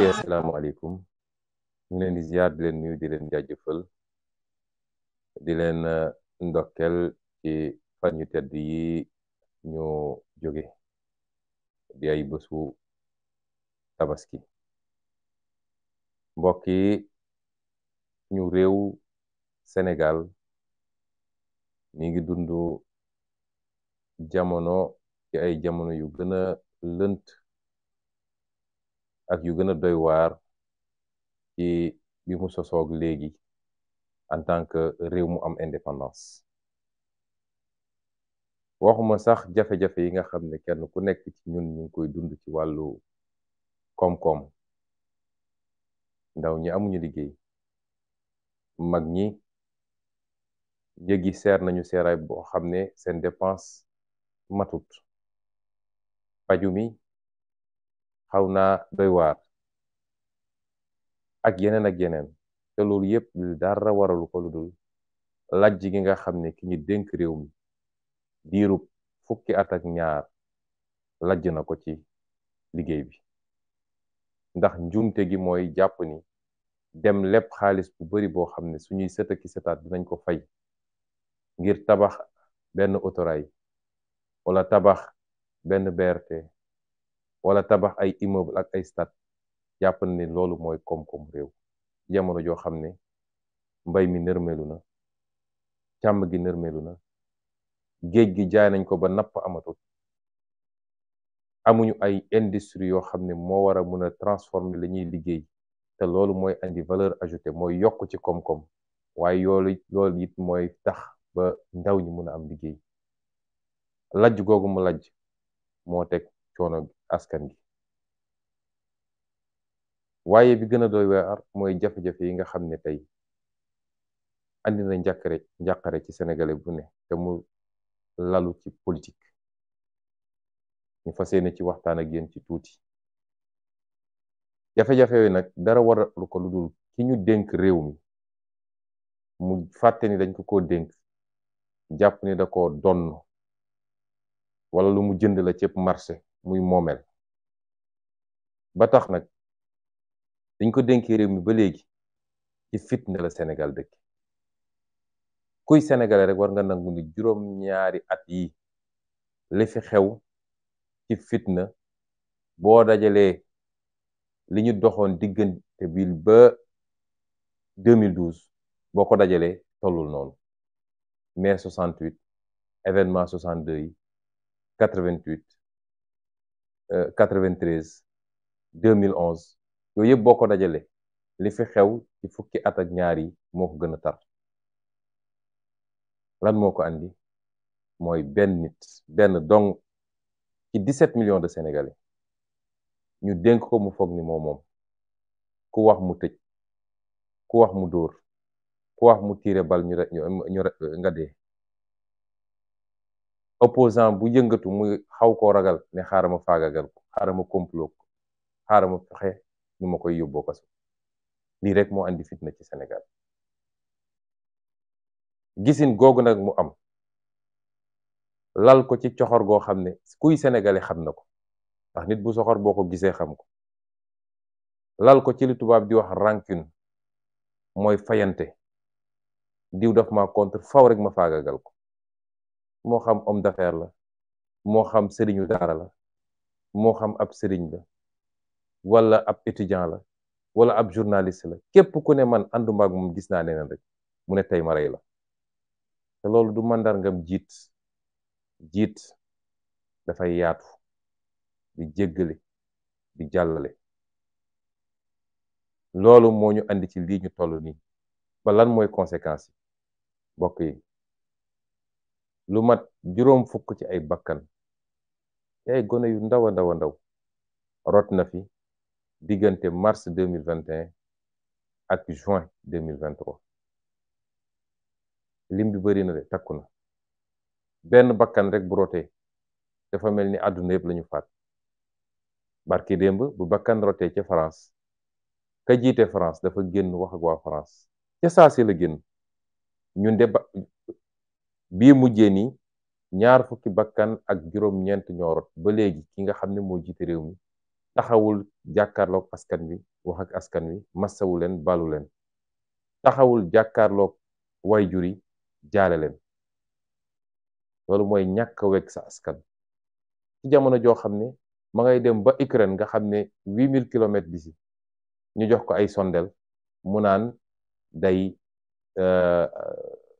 mbokk yi asalaamaaleykum ñu ngi leen di ziar di leen nuyu di leen jaajëfal di leen uh, ndokkel ci fan yu yi ñu jóge di ay bésu tabaski mbokk yi ñu réew Sénégal mi ngi dund jamono ci ay jamono yu gën a lënt ak yu gën a doy waar ci bi mu sosoog léegi en tant que réew mu am indépendance waxuma sax jafe-jafe yi nga xam ne kenn ku nekk ci ñun ñu koy dund ci wàllu koom-koom ndaw ñi amuñu liggéey mag ñi njëg yi seer nañu seeraay boo xam ne seen dépense matut paju xaw na doy waar ak yeneen ak yeneen te loolu yëpp dara waralu ko lu dul lajj gi nga xam ne ki ñu dénk réew mi diirub fukki at ak ñaar lajj na ko ci liggéey bi ndax njuumte gi mooy jàpp ni dem lépp xaalis bu bari boo xam ne suñuy sët ak sëtaat dinañ ko fay ngir tabax benn autoray wala tabax benn BRT wala tabax ay immeuble ak ay stade jàpp ne loolu mooy koom-koom réew jamono joo xam ne mbay mi nërmeelu na càmm gi nërmeelu na géej gi jaay nañ ko ba napp amatul amuñu ay industrie yoo xam ne moo war a mën a transformer la ñuy liggéey te loolu mooy indi valeur ajouté mooy yokk ci koom-koom waaye yoolu loolu it mooy tax ba ndaw ñi mën a am liggéey lajj googu mu lajj moo teg coono askan gi waaye bi gën a doy waar mooy jafe-jafe yi nga xam ne tey andi na njàqare njàqare ci sénégalais bu ne te mu lalu ci politik ñu fas yéene ci waxtaan a yéen ci tuuti jafe-jafe nag dara waralu ko lu dul ki ñu dénk réew mi mu fàtte ni dañ ko ko dénk jàpp ni da ko donn wala lu mu jënd la ceeb marché muy moomeel ba tax nag dañ ko dénkee réew mi ba léegi ci fitna la senegal dëkk kuy sénégalais rek war nga nangu ni juróom-ñaari at yi li fi xew ci fitna boo dajalee li ñu doxoon diggante bi ba 2012 boo ko dajalee tollul noonu mai 68 événement 62 yi 93 2011 yooyu yëpp boo ko dajale li fi xew ci fukki at ak ñaar yi moo ko gën a tar lan moo ko andi mooy benn nit benn dong ci 17 millions de sénégalais ñu dénk ko mu foog ni moom moom ku wax mu tëj ku wax mu dóor ku wax mu tiire bal ñu ñu nga dee opposant bu yëngatu muy xaw koo ragal ne xaaral ma faagagal ko xaaral ma complot ko xaaral fexe ñu ma koy yóbboo kaso lii rek moo andi fitna ci Sénégal gisin googu nag mu am lal ko ci coxor goo xam ne kuy sénégalais xam na ko ndax nit bu soxor boo ko gisee xam ko lal ko ci li tubaab di wax rancune mooy fayante diw daf ma contre faw rek ma faagagal ko moo xam om d'affaires la moo xam sëriñu daara la moo xam ab sëriñ la wala ab étudiant la wala ab journaliste la képp ku ne man ànduma ak moom gis naa neneen rek mu ne tey ma la te loolu du màndargam jiit jiit dafay yaatu di jéggale di jàllale loolu moo ñu indi ci lii ñu toll nii ba mooy conséquence yi mbokk yi lu mat juróom fukk ci ay bakkan ci gone yu ndaw a ndaw a rot na fi diggante mars 2021 ak juin 2023 lim bi bëri na de takku na benn bakkan rek bu rote dafa mel ni àdduna yëpp lañu faat barki démb bu bakkan rotee ca France ka jiite France dafa génn wax ak waa France ca saa la génn ñun de bii mujjee ni ñaar fukki bakkan ak juróom-ñeent ñoo ba léegi ki nga xam ne moo jiite réew mi taxawul jàkkaarloog askan wi wax ak askan wi massawu leen balu leen taxawul jàkkaarloog waajur yi jaale leen loolu mooy ñàkk a wegg sa askan ci jamono joo xam ne ma ngay dem ba Ukraine nga xam ne huit mille kilomètres d'ici ñu jox ko ay sondel mu naan day euh,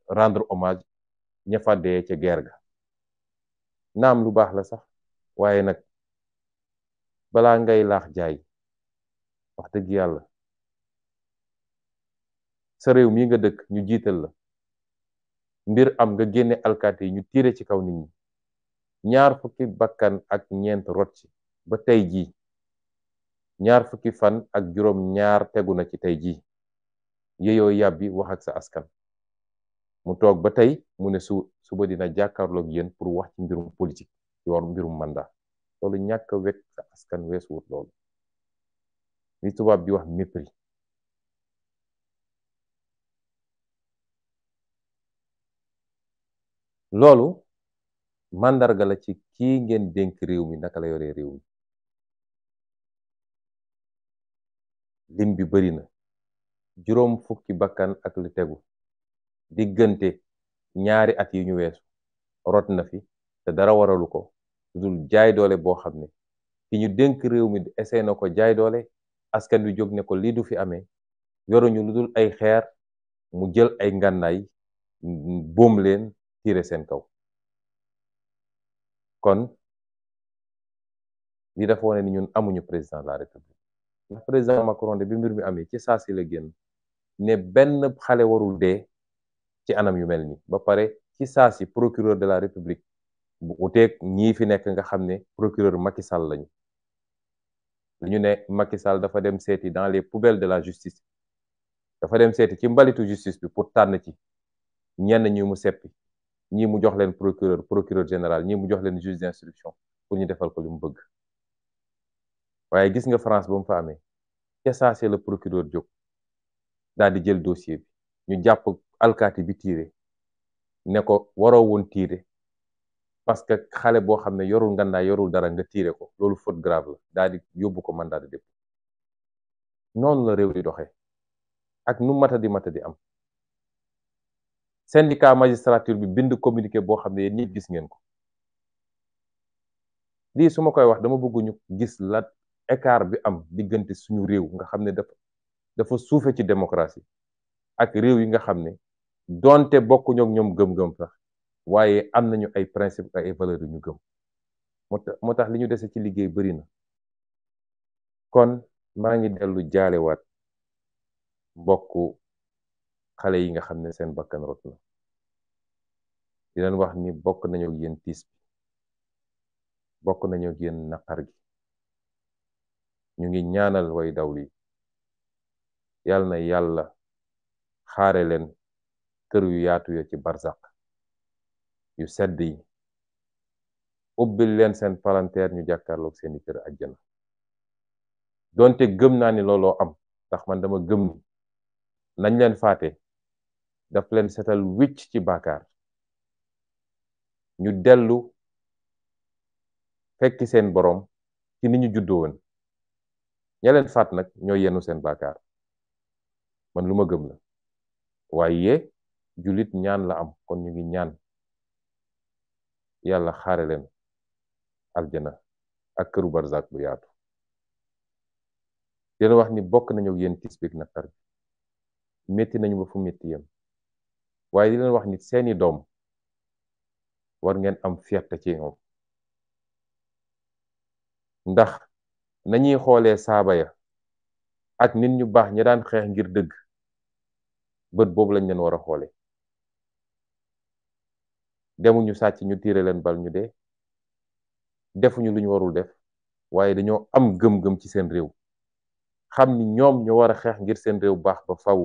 rendre hommage ña fa dee ca geer ga naam lu baax la sax waaye nag balaa ngay laax jaay wax dëgg yàlla sa réew mii nga dëkk ñu jiital la mbir am nga génne alkaati yi ñu tiire ci kaw nit ñi ñaar fukki bakkan ak ñeent rot ci ba tey jii ñaar fukki fan ak juróom ñaar tegu na ci tey jii yeyoo yàbbi wax ak sa askan mu toog ba tey mu ne su suba dina jàkkaarloog yéen pour wax ci mbirum politique ci war mbirum mandat loolu ñàkk a sa askan weesu wut loolu li tubaab bi wax mépris loolu màndarga la ci ki ngeen dénk réew mi naka la yore réew mi lim bi bari na juróom fukki bakkan ak lu tegu diggante ñaari at yi ñu weesu rot na fi te dara waralu ko dul jaay doole boo xam ne ki ñu dénk réew mi essayé na ko jaay doole askan wi jóg ne ko lii du fi amee yoruñu lu dul ay xeer mu jël ay ngànnaay boom leen tiire seen kaw kon li dafa wane ni ñun amuñu président de la république président Macron de bi mbir mi amee ci saa si la génn ne benn xale warul de ci anam yu mel nii ba pare ci saa si procureur de la république bu uteeg ñii fi nekk nga xam ne procureur Macky Sall lañu ñu ne Macky Sall dafa dem seeti dans les poubelles de la justice dafa dem seeti ci mbalitu justice bi pour tànn ci ñenn ñi mu seppi ñii mu jox leen procureur procureur général ñi mu jox leen juge d'instruction pour ñu defal ko lu mu bëgg waaye gis nga France ba mu fa amee ca saa si la procureur jóg daal di jël dossier bi. ñu jàpp alkaati bi tiire ne ko waroo woon tiire parce que xale boo xam ne yorul ngandaay yorul dara nga tiire ko loolu faute grave la daal yóbbu ko mandat de dépôt noonu la réew di doxe ak nu mata di mata di am syndicat magistrature bi bind communiqué boo xam ne yéen gis ngeen ko lii suma koy wax dama bëgg gis la écart bi am diggante suñu réew nga xam ne dafa dafa ci démocratie ak réew yi nga xam ne donte bokkuñu ak ñoom gëm-gëm sax waaye am nañu ay principe ay valeurs ñu gëm moo tax moo tax li ñu dese ci liggéey bari na kon maa ngi dellu jaalewaat mbokk xale yi nga xam ne seen bakkan rot na di leen wax ni bokk nañu ak yéen tiis bi bokk nañu ak yéen naqar gi ñu ngi ñaanal way daw lii yàlla na yàlla xaare leen kër yu yaatu ya ci barzak yu sedd yi ubbil leen seen palanteer ñu jàkkaarloog seeni kër àjjana donte gëm naa ni looloo am ndax man dama gëm ni nañ leen faate daf leen setal wicc ci baakaar ñu dellu fekki seen boroom ci ni ñu juddoo woon ña leen faat nag ñoo yenu seen baakaar man lu ma gëm la waaye julit ñaan la am kon ñu ngi ñaan yàlla xaare leen aljana ak këru barzak bu yaatu leen wax ni bokk nañu yéen tiis bi ak naqar bi métti nañu ba fu métti yem waaye di leen wax ni seeni doom war ngeen am fierté ci ñoom ndax nañuy xoolee saaba ya ak nit ñu baax ñi daan xeex ngir dëgg bët boobu lañ leen war a xoole demuñu sàcc ñu tiire leen bal ñu dee defuñu lu ñu warul def waaye dañoo am gëm-gëm ci seen réew xam ni ñoom ñu war a xeex ngir seen réew baax ba faw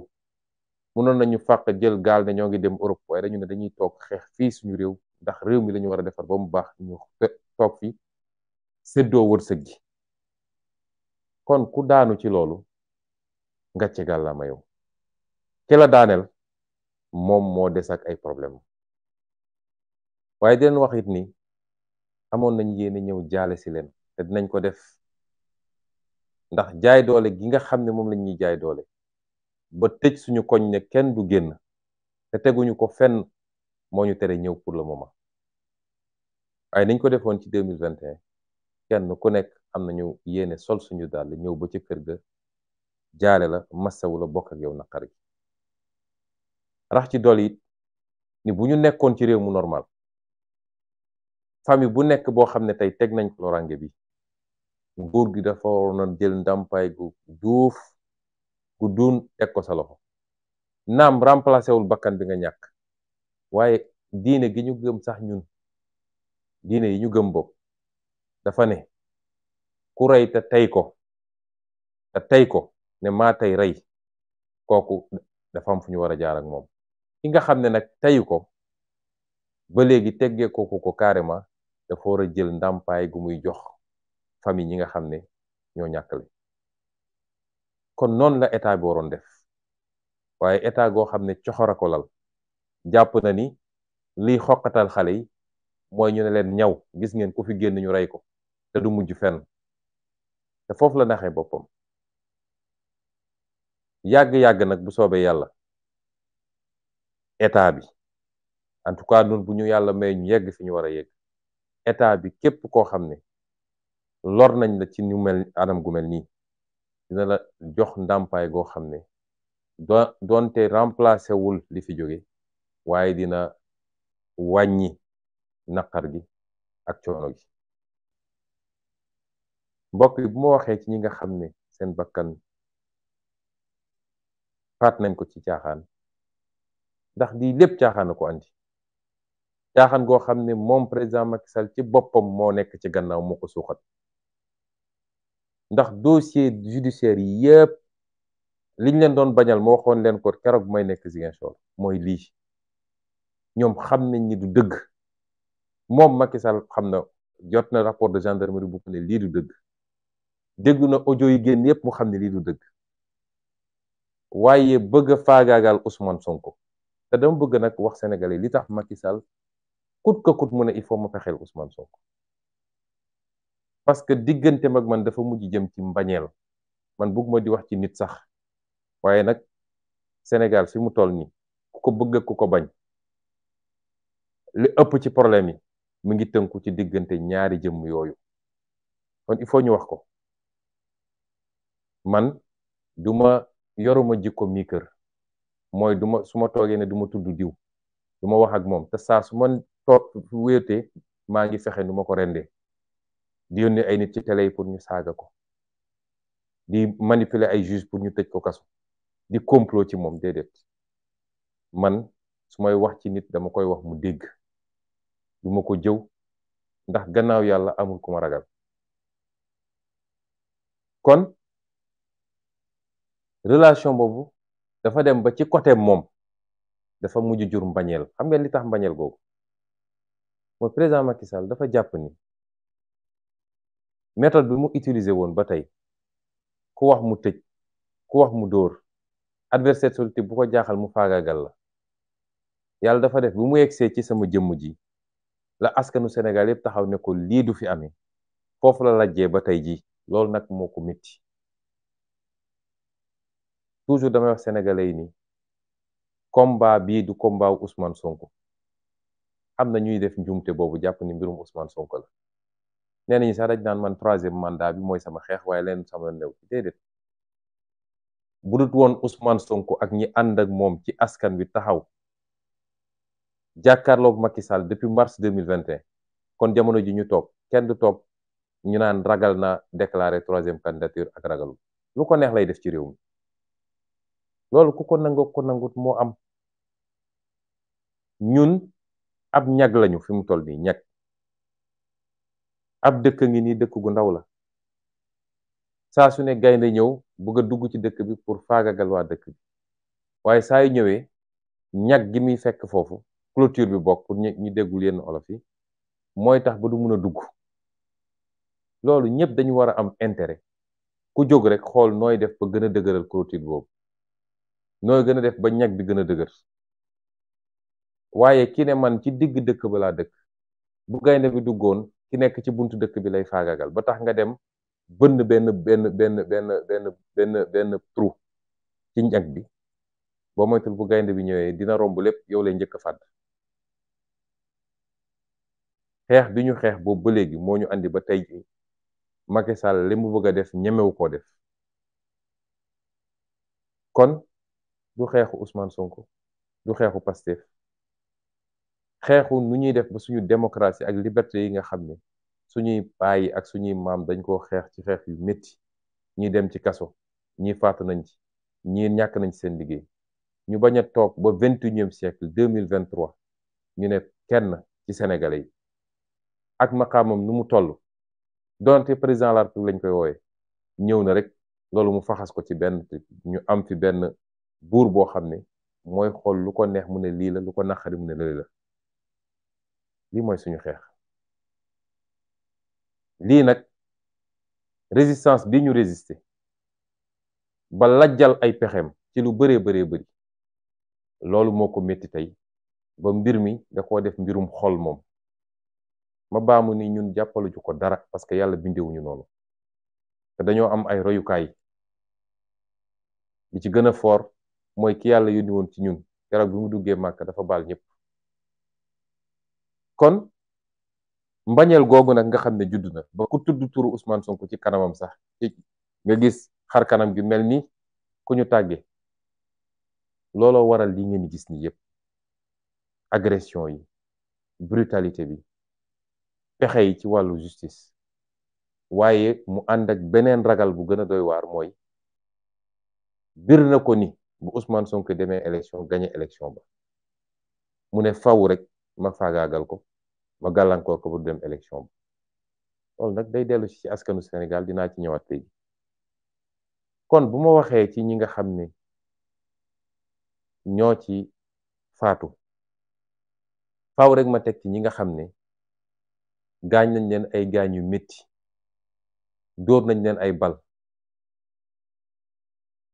mënoon ñu fàq jël gaal ne ñoo ngi dem Europe waaye dañu ne dañuy toog xeex fii suñu réew ndax réew mi lañu war a defar ba mu baax ñu toog fii séddoo wërsëg gi kon ku daanu ci loolu ngàcce gàllaama yow ki la daaneel moom moo des ak ay problème waaye den leen wax it ni amoon nañ yéene ñëw jaale si leen te dinañ ko def ndax jaay doole gi nga xam ne moom lañ ñuy jaay doole ba tëj suñu koñ ne kenn du génn te teguñu ko fenn moo ñu tere ñëw pour le moment waaye niñ ko defoon ci deux mille kenn ku nekk am nañu yéene sol suñu daal dàll ñëw ba ci kër ga jaale la masawu bokkak bokk yow naqar gi rax ci dolli ni bu ñu nekkoon ci réew mu normal famille bu nekk boo xam ne tey teg nañ lorange bi nguur gi dafa na jël ndàmpaay gu duuf gu duun teg ko salo loxo naam remplacé wul bakkan bi nga ñàkk waaye diine gi ñu gëm sax ñun diine yi ñu gëm bopp dafa ne ku rey te tey ko te tey ko ne maa tey rey kooku dafa fu ñu war a jaar moom ki nga xam ne nag teyu ko ba léegi teggee kooku ko carrément dafa war a jël ndàmpaay gu muy jox famille ñi nga xam ne ñoo ñàkkale kon noonu la état bi def waaye état goo xam ne coxora ko lal jàpp na ni liy xoqatal xale yi mooy ñu ne leen ñaw gis ngeen ku fi na ñu rey ko te du mujj fen te foofu la naxe boppam yàgg-yàgg nag bu soobee yàlla état bi en tout cas ñun bu ñu yàlla may ñu yegg fi ñu war a yegg état bi képp koo xam ne lor nañ la ci ñu mel anam gu mel nii dina la jox ndàmpaay goo xam ne doo doonte remplacé wul li fi jóge waaye dina wàññi naqar gi ak coono gi mbokki yi bu ma waxee ci ñi nga xam ne seen bakkan faat nañ ko ci caaxaan ndax lii lépp caaxaan ko andi caaxaan goo xam ne moom président Macky Sall ci boppam moo nekk ci gannaaw moo ko suuxat ndax dossier judiciaire yi yëpp liñ leen doon bañal ma waxoon leen ko keroog may nekk Ziguinchor mooy lii ñoom xam nañ ni du dëgg moom Macky Sall xam na jot na rapport de gendarmerie bu ko lii du dëgg déglu na audio yi génn yëpp mu xam ne lii du dëgg waaye bëgg a faagaagal Ousmane Sonko. te dama bëgg nag wax sénégalais li tax Macky Sall coûte que coûte mu ne il faut ma fexeel Ousmane Sonko parce que diggante mag man dafa mujj jëm ci mbañeel man bëgguma di wax ci nit sax waaye nag Sénégal fi mu toll nii ku ko bëgg ku ko bañ li ëpp ci problème yi mu ngi tënku ci diggante ñaari jëmm yooyu kon il faut ñu wax ko man duma yoruma jikko mii kër mooy du ma su ma toogee ne du ma tudd diw du ma wax ak moom te saa su ma toog wéetee maa ngi fexe nu ma ko rendee di yónnee ay nit ci télé yi pour ñu saaga ko di manipuler ay juge pour ñu tëj ko kaso di complot ci moom déedéet man su may wax ci nit dama koy wax mu dégg duma ko jëw ndax gannaaw yàlla amul ku ma ragal kon relation boobu dafa dem ba ci côté moom dafa mujj jur mbañeel xam ngeen li tax mbañeel googu mooy président Macky Sall dafa jàpp ni méthode bi mu utilisé woon ba tey ku wax mu tëj ku wax mu dóor adversaire politique bu ko jaaxal mu faagaagal la yàlla dafa def bi mu yegsee ci sama jëmm ji la askanu Sénégal yëpp taxaw ne ko lii du fi amee foofu la lajjee ba tey ji loolu nag moo ko métti toujours damay wax sénégalais yi nii combat bii du combat wu Ousmane Sonko am na ñuy def njuumte boobu jàpp ni mbirum Ousmane Sonko la nee nañu sax dañ naan man troisième mandat bi mooy sama xeex waaye leen sama new ci déedéet bu woon Ousmane Sonko ak ñi ànd ak moom ci askan wi taxaw jàkkaarloog Macky Sall depuis mars 2021 kon jamono ji ñu toog kenn du toog ñu naan ragal na déclarer troisième candidature ak ragalu lu ko neex lay def ci réew mi loolu ku ko nangoo ko nangut moo am ñun ab ñag lañu fi mu toll nii ñag ab dëkk ngi nii dëkk gu ndaw la saa su ne gaynde ñëw bëgg dugg ci dëkk bi pour faagagal waa dëkk bi waaye saa ñëwee ñag gi muy fekk foofu clôture bi bokk pour ñu déggul yenn olof yi mooy tax ba du mun a dugg loolu ñëpp dañu war a am intérêt ku jóg rek xool nooy def ba gën a dëgëral clôture boobu nooy gën a def ba ñag bi gën a dëgër waaye ki ne man ci digg dëkk ba laa dëkk bu gaynde bi duggoon ki nekk ci buntu dëkk bi lay faagagal ba tax nga dem bënn benn benn benn benn benn benn benn trou ci ñag bi boo moytul bu gaynde bi ñëwee dina romb lépp yow lay njëkk a fàdd xeex bi ñu xeex boobu ba léegi moo ñu andi ba tey Macky Sall li mu bëgg a def ñemewu koo def kon du xeexu Ousmane Sonko du xeexu Pastef xeexu nu ñuy def ba suñu démocratie ak liberté yi nga xam ne suñuy bàyyi ak suñuy maam dañ koo xeex ci xeex yu métti ñi dem ci kaso ñi faatu nañ ci ñi ñàkk nañ ci seen liggéey ñu bañ a toog ba vingt et unième siècle mille vingt ñu ne kenn ci sénégalais yi ak maqaamam nu mu toll donte président la lañ koy wooye ñëw na rek loolu mu faxas ko ci benn ñu am fi benn buur boo xam ne mooy xool lu ko neex mu ne lii la lu ko naqari mu ne lii la lii mooy suñu xeex lii nag résistance bi ñu résister ba lajjal ay pexeem ci lu bëree bëree bëri loolu moo ko métti tey ba mbir mi da koo def mbirum xol moom ma baamu ni ñun jàppaluñu ko dara parce que yàlla bindewuñu noonu te dañoo am ay royukaay bi ci gën a fort mooy ki yàlla yónni woon ci ñun keroog bi mu duggee Màkka dafa baal ñëpp kon mbañeel googu nag nga xam ne judd na ba ku tudd turu Ousmane Sonko ci kanamam sax nga gis xar kanam gi mel ni ku ñu tàggee looloo waral li ngeen gis ni yëpp agression yi brutalité bi pexe yi ci wàllu justice waaye mu ànd ak beneen ragal bu gën a doy waar mooy bir na ko ni bu Ousmane Sonko demee élection gagné élection ba mu ne faw rek ma faagaagal ko ma gàllankoor ko bu dem élection ba nag day dellu ci askanu Sénégal dinaa ci ñëwaat léegi kon bu ma waxee ci ñi nga xam ne ñoo ci faatu faw rek ma teg ci ñi nga xam ne gaañ nañ leen ay gaañ yu métti dóor nañ leen ay bal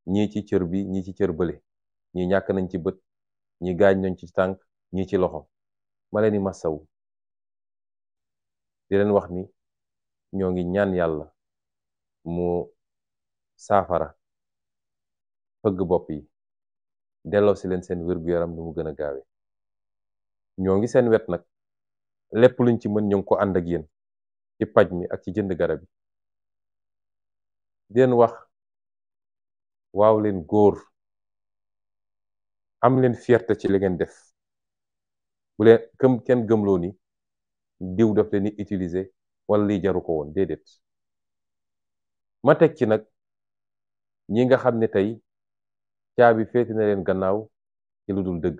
ñii ci cër bi ñii ci cër bële ñii ñàkk nañ ci bët ñi gaañ nañ ci tànk ñii ci loxo ma leen di di leen wax ni ñoo ngi ñaan yàlla mu saafara fëgg bopp yi delloo si leen seen wér-gu-yaram nu mu gën a gaawe ñoo ngi seen wet nag lépp luñ ci mën ñu ko ànd ak yéen ci paj mi ak ci jënd garab yi di leen wax waaw leen góor am leen fierté ci li ngeen def bu leen këm kenn gëmloo ni diw daf leen di wala li jaru ko woon déedéet ma teg ci nag ñi nga xam ne tey caabi féete na leen gannaaw ci lu dul dëgg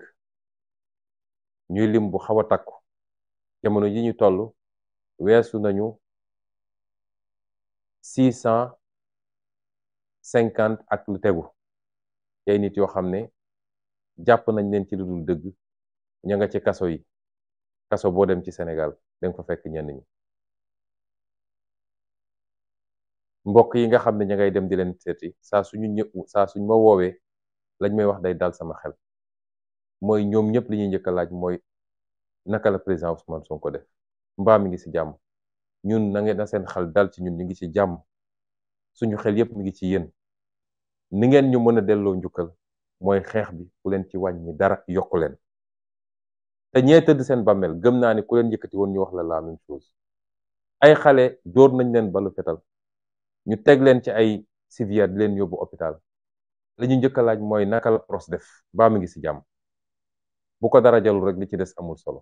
ñuy lim bu xaw a takku jamono yi ñu toll weesu nañu six cent cinquante ak lu tegu ay nit yoo xam ne jàpp nañ leen ci lu dul dëgg ña nga ci kaso yi kaso boo dem ci senegal danga fa fekk ñenn ñi mbokk yi nga xam ne ña ngay dem di leen seeti saa su ñëpp saa suñ ma woowee lañ may wax day dal sama xel mooy ñoom ñëpp li ñuy njëkk a laaj mooy naka la président Ousmane Sonko def mbaam mi ngi ci jàmm ñun na ngeen na seen xel daal ci ñun ñu ngi ci jàmm suñu xel yépp mi ngi ci yéen ni ngeen ñu mën a delloo njukkal mooy xeex bi ku leen ci wàññi dara yokku leen te ñee tëdd seen bàmmeel gëm naa ni ku leen yëkkati woon ñu wax la la même chose ay xale dóor nañ leen balu fetal ñu teg leen ci ay civière di leen yóbbu hôpital li ñu njëkk a laaj mooy nakal la pros def baa mi ngi ci jàmm bu ko dara jalul rek li ci des amul solo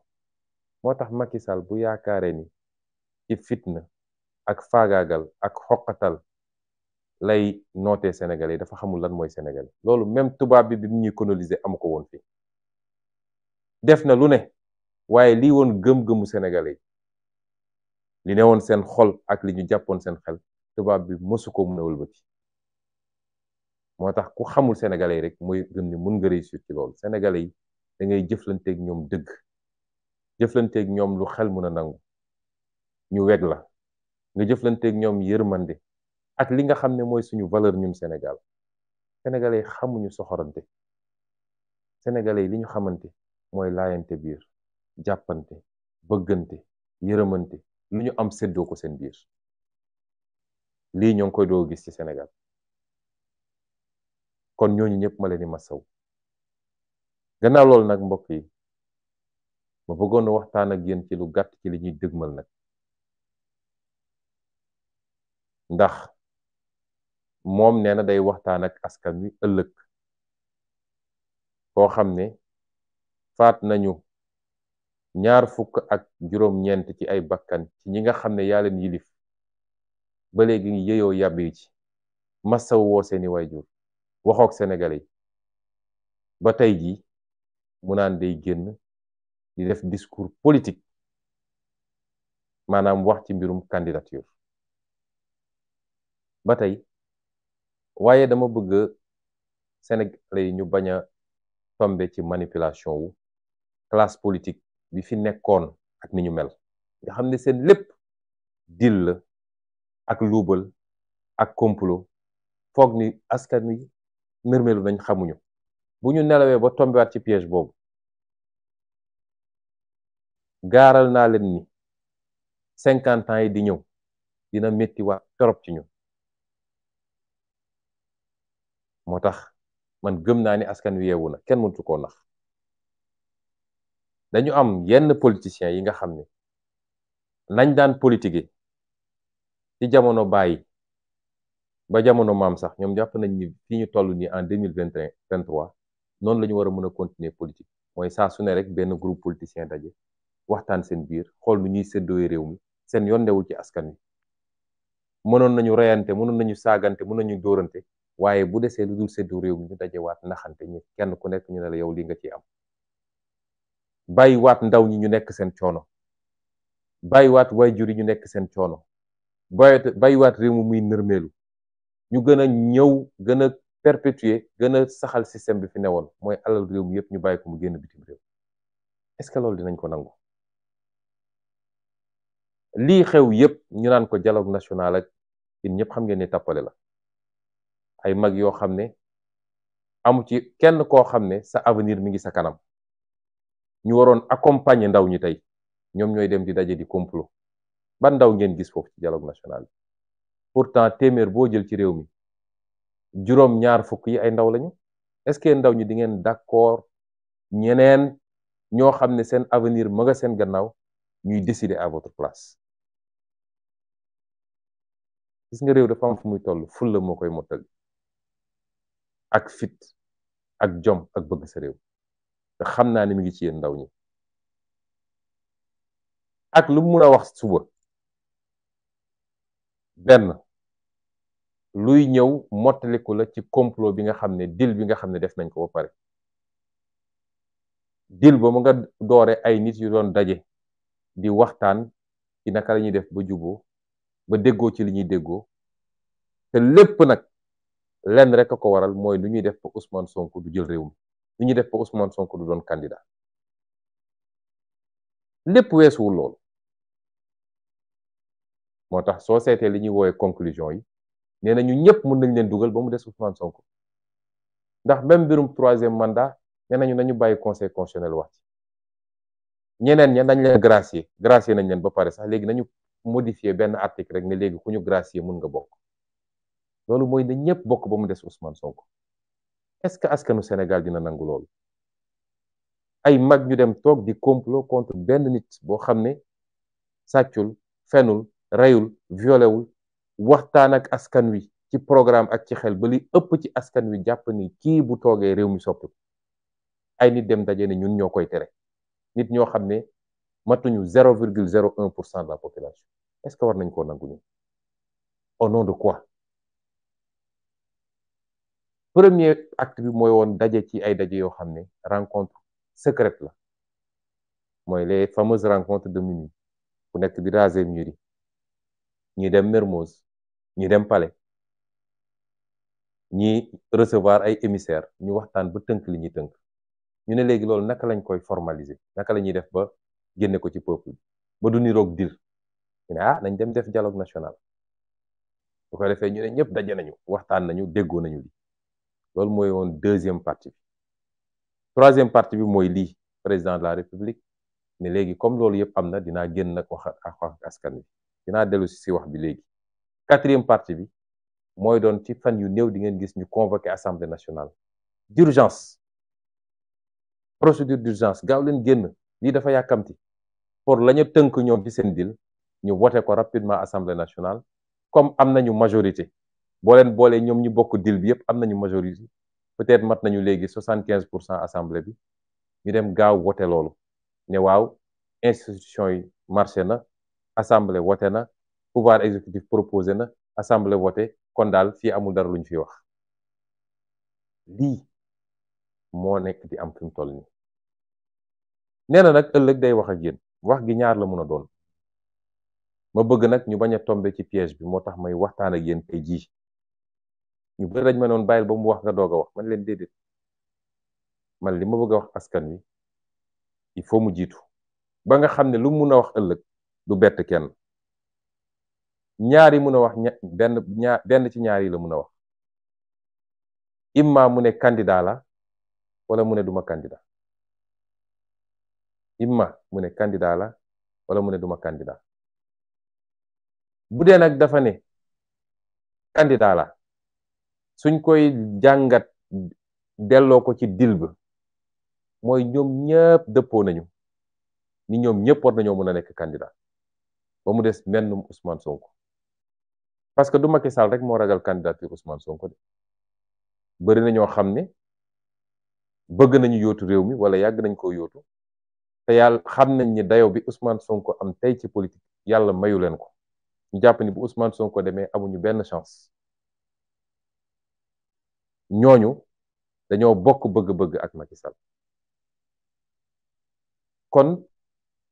moo tax Macky Sall bu yaakaaree ni ci fitna ak faagaagal ak xoqatal lay nootee yi dafa xamul lan mooy sénégalais loolu même tubaab bi bi mu ñuy coloniser amu ko woon fii def na lu ne waaye lii woon gëm-gëmu sénégalais li ne woon seen xol ak li ñu jàppoon seen xel tubaab bi mësu ko mun a wëlbati moo tax ku xamul yi rek mooy gëm ni mun nga réussir ci lool sénégalais yi dangay ngay jëflanteeg ñoom dëgg jëflanteeg ñoom lu xel mun a nangu ñu weg la nga jëflanteeg ñoom yërmande ak li nga xam ne mooy suñu valeur ñun Sénégal sénégalais xamuñu soxorante sénégalais li ñu xamante mooy laayante biir jàppante bëggante yërëmante lu ñu am séddoo ko seen biir lii ñoo ngi koy doo gis ci Sénégal kon ñooñu ñëpp ma leen di masaw gannaaw loolu nag mbokk yi ma bëggoon waxtaan ak yéen ci lu gàtt ci li ñuy dëgmal nag ndax moom nee na day waxtaan ak askan wi ëllëg koo xam ne faat nañu ñaar fukk ak juróom-ñeent ci ay bakkan ci ñi nga xam ne yaa leen yilif ba léegi yeyoo yàbb yi ci masaw woo seeni waajur waxook Sénégalais yi ba tey ji mu naan day génn di def discours politique maanaam wax ci mbirum candidature ba tey waaye dama bëgg Sénégalais yi ñu bañ a tombe ci manipulation wu classe politique bi fi nekkoon ak ni ñu mel nga xam ne seen lépp dil la ak luubal ak complot foog ni askan wi mërmelu nañ xamuñu bu ñu nelawee ba tombewaat ci piège boobu gaaral naa leen ni cinquante ans yi di ñëw dina métti waa torop ci ñu moo tax man gëm naa ni askan wi yeewu na kenn mëntu koo nax dañu am yenn politiciens yi nga xam ne nañ daan politique ci jamono bàyyi ba jamono maam sax ñoom jàpp nañ ni fii ñu toll nii en deux mille vingt et un vingt trois noonu la ñu war a mën a continuer politique mooy saa su rek benn groupe politicien daje waxtaan seen biir xool nu ñuy séddooy réew mi seen yoon ndewul ci askan wi mën mënoon nañu reyante mënoon nañu saagante mënoon nañu dóorante waaye bu desee lu dul séddu réew mi ñu dajewaat naxante ñi kenn ku nekk ñu ne la yow li nga ci am bàyyiwaat ndaw ñi ñu nekk seen coono bàyyiwaat waajur yi ñu nekk seen coono bàyyiwaat réew mi muy nërmeelu ñu gën a ñëw gën a perpétuer gën a saxal système bi fi woon mooy alal réew mi yëpp ñu bàyyi ko mu génn bitim réew est-ce que loolu dinañ ko nangu lii xew yëpp ñu naan ko dialogue national ak in ñëpp xam ngeen ne tàppale la ay mag yoo xam ne amu ci kenn koo xam ne sa avenir mi ngi sa kanam ñu waroon accompagner ndaw ñi tey ñoom ñooy dem di daje di complot ban ndaw ngeen gis foofu ci dialogue national bi pourtant téeméer boo jël ci réew mi juróom ñaar fukk yi ay ndaw lañu est-ce que ndaw ñi di ngeen d'accord ñeneen ñoo xam ne seen avenir ma nga seen gannaaw ñuy décider à votre place gis nga réew dafa fu muy toll fulla moo koy mottal ak fit ak jom ak bëgg sa réew te xam naa ne mi ngi ci yéen ndaw ñi ak lu mu mën a wax suba benn luy ñëw mottaliku la ci complot bi nga xam ne deal bi nga xam ne def nañ ko ba pare dil ba mu nga doore ay nit yu doon daje di waxtaan ci naka la ñuy def ba juboo ba déggoo ci li ñuy déggoo te lépp nag lenn rek a ko waral mooy lu ñuy def ba Ousmane Sonko du jël réew mi ñuy def ba Ousmane sonku du doon candidat lépp weesuwul loolu moo tax soo seetee li ñuy woowe conclusion yi nee na ñu ñëpp mën nañ leen dugal ba mu des Ousmane Sonko ndax même mbirum troisième mandat nee nañu nañu bàyyi conseil constitutionnel wax ci ñeneen ña nañ leen gracier gracier nañ leen ba pare sax léegi na nañu modifier benn article rek ne léegi ku ñu gracier mun nga bokk loolu mooy ne ñëpp bokk ba mu des Ousmane Sonko est-ce que askanu senegal dina nangu loolu ay mag ñu dem toog di complot contre benn nit boo xam ne sàccul fenul reyul violewul waxtaan ak askan wi ci programme ak ci xel ba li ëpp ci askan wi jàpp ni kii bu toogee réew mi soppi ay nit dem daje ne ñun ñoo koy tere nit ñoo xam ne matuñu zéro virgule zéro un pour cent de la population est-ce que war nañ koo nangu ni au nom de quoi premier acte bi mooy woon daje ci ay daje yoo xam ne rencontre secrète la mooy les fameuses rencontres de minuit ku nekk di raser mur yi dem Mermoz ñi dem Palais ñi recevoir ay émissaires ñu waxtaan ba tënk li ñuy tënk ñu ne léegi loolu naka lañ koy formaliser naka la ñuy def ba génne ko ci peuple bi ba du niroog dir ñu ah nañ dem def dialogue national bu ko defee ñu ne ñëpp daje nañu waxtaan nañu déggoo nañu li loolu mooy woon deuxième partie bi troisième partie bi mooy lii président de la république ne léegi comme loolu yëpp am na dinaa génn nag wax ak wax askan wi dinaa dellu si wax bi léegi quatrième partie bi mooy doon ci fan yu néew di ngeen gis ñu convoqué assemblée nationale d'urgence procédure d'urgence gaaw leen génn lii dafa yàkkamti pour la ñu tënk ñoom ci seen dil ñu voté ko rapidement assemblée nationale comme am na ñu majorité boo leen boolee ñoom ñu bokk dil bi yëpp am nañu majorité peut-être mat nañu léegi soixante quinze pour cent assemblée bi ñu dem gaaw wote loolu ne waaw institution yi marché na assemblée wote na pouvoir exécutif proposé na assemblée wote kon daal fii amul dara lu ñu fiy wax lii moo nekk di am fi mu toll nii nee na nag ëllëg day wax ak yéen wax gi ñaar la mun a doon ma bëgg nag ñu bañ a tombe ci piège bi moo tax may waxtaan ak yéen tey jii ñu bëri dañ ma noon bàyyil ba mu wax nga doog a wax man leen déedéet man li ma bëgg a wax askan wi il faut mu jiitu ba nga xam ne lu mun a wax ëllëg du bett kenn ñaari mun a wax ña benn ci ñaar yi la mun a wax imma mu ne candidat wala mu ne duma candidat imma mu ne candidat la wala mu ne duma candidat bu dee dafa ne candidat suñ koy jàngat delloo ko ci dilb mooy ñoom ñëpp dëppoo nañu ni ñoom ñëpp war nañoo mën a nekk candidat ba mu des mennum Ousmane Sonko parce que du Macky Sall rek moo ragal candidature Ousmane Sonko de bëri na ñoo xam ne bëgg nañu yootu réew mi wala yàgg nañ ko yóotu te yàlla xam nañ ni dayo bi Ousmane Sonko am tey ci politique yàlla mayu leen ko ñu jàpp ni bu Ousmane Sonko demee amuñu benn chance ñooñu dañoo bokk bëgg-bëgg ak makisal kon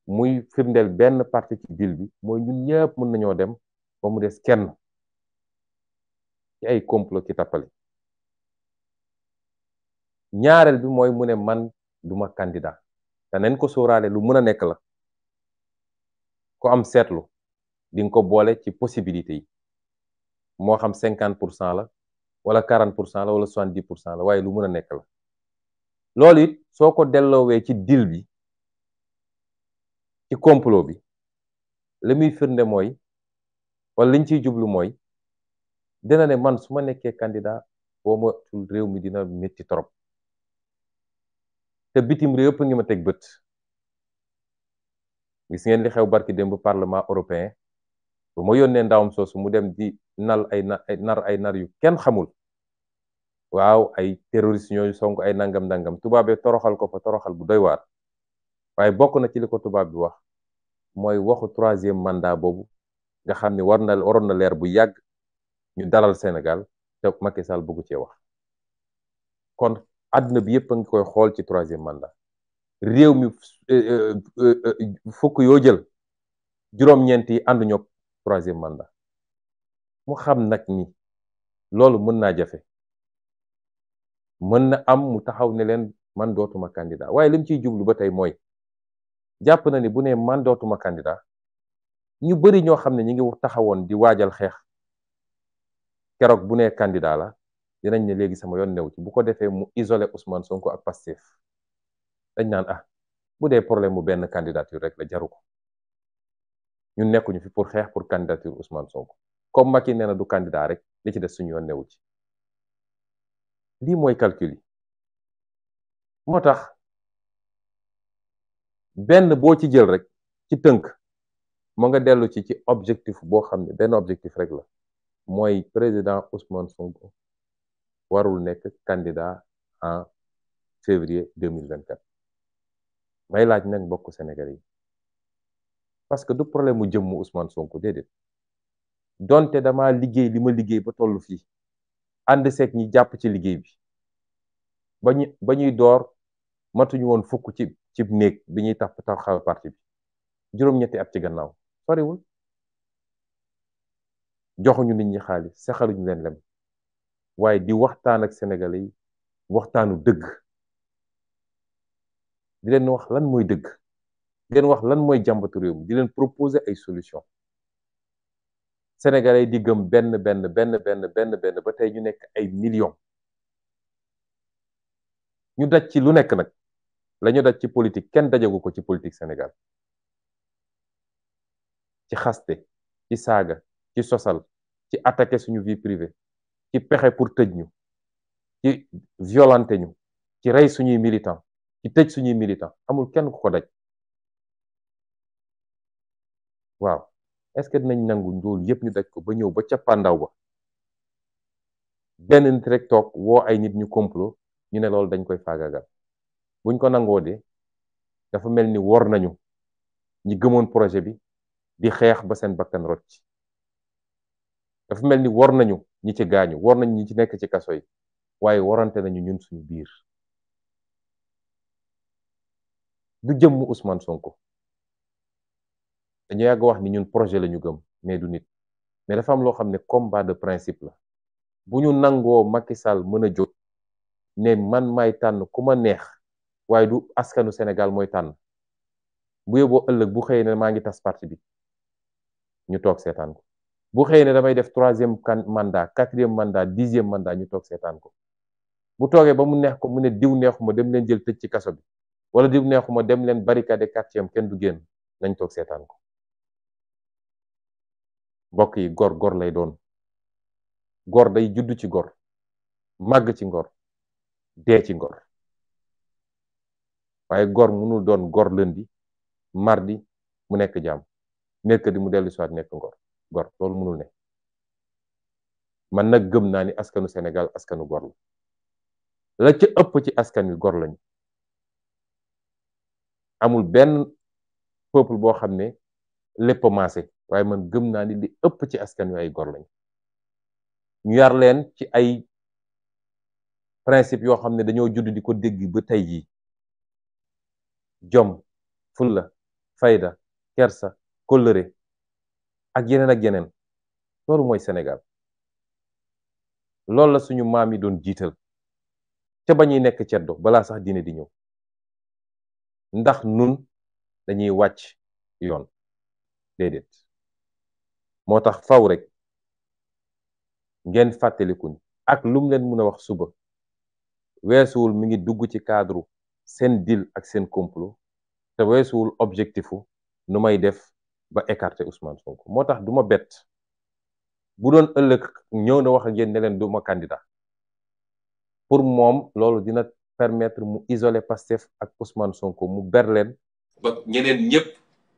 muy firndeel benn parti ci bill bi mooy ñun ñëpp mën nañoo dem ba mu des kenn ci ay complot ci tappale ñaareel bi mooy mu ne man duma candidat te nañ ko sóoraale lu mën a nekk la ko am seetlu di ko boole ci possibilité yi moo xam cinquante pour cent la wala 40 pour cent la wala 70 pour cent la waaye lu mën a nekk la loolu it soo ko delloowee ci deal bi ci complot bi li muy firnde mooy wala liñ ciy jublu mooy dena ne man su ma nekkee candidat boo ma tul réew mi dina métti trop te bitim réew yëpp ngi ma teg bët ngi gis ngeen li xew barki démb parlement européen ba ma yónnee ndawam soosu mu dem di nal ay nar ay nar yu kenn xamul waaw ay terroriste ñooñu song ay nangam nangam tubaab bi toroxal ko fa toroxal bu doy waar waaye bokk na ci liko tubaab bi wax mooy waxu troisième mandat boobu nga xam ne war na waroon na leer bu yàgg ñu dalal Sénégal te Macky Sall bugu cee wax kon àdduna bi yëpp a ngi koy xool ci troisième mandat réew mi eh, eh, eh, fukk yoo jël juróom-ñeent yi ànduñu troisième mandat mu xam nag ni loolu mën naa jafe. mën na am mu taxaw ne leen man dootuma candidat waaye lim ciy jublu ba tey mooy jàpp na ni bu ne man dootuma candidat ñu bëri ñoo xam ne ñi ngi taxawoon di waajal xeex keroog bu nee candidat la dinañ ne léegi sama yoon new ci bu ko defee mu isolé Ousmane Sonko ak Pastef dañ naan ah bu dee problème mu benn candidature rek la jaru ko ñun ñu fi pour xeex pour candidature Ousmane Sonko comme Macky nee na du kandidaa rek li ci des suñu yoon new ci lii mooy calcul moo tax benn boo ci jël rek ci tënk mu nga dellu ci ci objectif boo xam ne benn objectif rek la mooy président Ousmane Sonko warul nekk candidat en février may laaj nag bokk Sénégal yi parce que du problème mu jëmmu Ousmane Sonko déedéet donte damaa liggéey li ma liggéey ba tollu fii ànd seeg ñi jàpp ci liggéey bi ba ñu ba ñuy door matuñu woon fukk ci ci néeg bi ñuy tax taxawal parti bi juróom-ñetti at ci gannaaw soriwul joxuñu nit ñi xaalis sexaluñu leen lem waaye di waxtaan ak sénégalais waxtaanu dëgg di leen wax lan mooy dëgg di leen wax lan mooy jàmbatu réew mi di leen proposé ay solution Sénégalais di gëm benn benn benn benn benn benn ba tey ñu nekk ay millions ñu daj ci lu nekk nag lañu daj ci politique kenn dajagu ko ci politique Sénégal ci xaste ci saaga ci sosal ci attaqué suñu vie privée ci pexe pour tëj ñu ci violenté ñu ci rey suñuy militant ci tëj suñuy militant amul kenn ku ko daj waaw est-ce que dinañ nangu njool yëpp ñu daj ko ba ñëw ba cappaandaw ba benn nit rek toog woo ay nit ñu complot ñu ne loolu dañ koy faagaagal buñ ko nangoo de dafa mel ni wor nañu ñi gëmoon projet bi di xeex ba seen bakkan rot ci dafa mel ni wor nañu ñi ci gaañu wor nañu ñi ci nekk ci kaso yi waaye warante nañu ñun suñu biir du jëmm Ousmane Sonko dañu yàgg wax ni ñun projet la ñu gëm mais du nit mais dafa am loo xam ne combat de principe la bu ñu nangoo Macky Sall mën a jóg ne man may tànn ku ma neex waaye du askanu Sénégal mooy tànn bu yóbboo ëllëg bu xëyee ne maa ngi tas parti bi ñu toog seetaan ko bu xëyee ne damay def troisième mandat quatrième mandat dixième mandat ñu toog seetaan ko bu toogee ba mu neex ko mu ne diw neexuma dem leen jël tëj ci kaso bi wala diw neexuma dem leen barricade quartier am kenn du génn nañ toog seetaan ko mbokk yi gor gor lay doon gor day judd ci gor màgg ci ngor dee ci ngor waaye gor mënul doon gor lundi mardi mu nekk jaam mercredi mu dellu siwaat nekk ngor gor loolu mënul ne man nag gëm naa ni askanu senegal askanu gor la la ca ëpp ci askan wi gor lañ amul benn peuple boo xam ne lépp maase waaye man gëm naa ni li ëpp ci askan wi ay gor lañ ñu yar leen ci ay principe yoo xam ne dañoo judd di ko dégg ba tey jii jom fulla fayda kersa kóllëre ak yeneen ak yeneen loolu mooy senegal loolu la suñu maam yi doon jiital te ba ñuy nekk ceddo balaa sax diine di ñëw ndax nun dañuy wàcc yoon déedéet moo tax faw rek ngeen fàttalikuñ ak lum leen mën a wax suba weesuwul mi ngi dugg ci cadre seen dil ak seen complot te weesuwul objectifu nu may def ba écarter Ousmane Sonko moo tax du ma bett bu doon ëllëg ñëw na wax ak yéen ne leen du ma candidat pour moom loolu dina permettre mu isoler Pastef ak Ousmane Sonko mu ber leen ba ñeneen ñëpp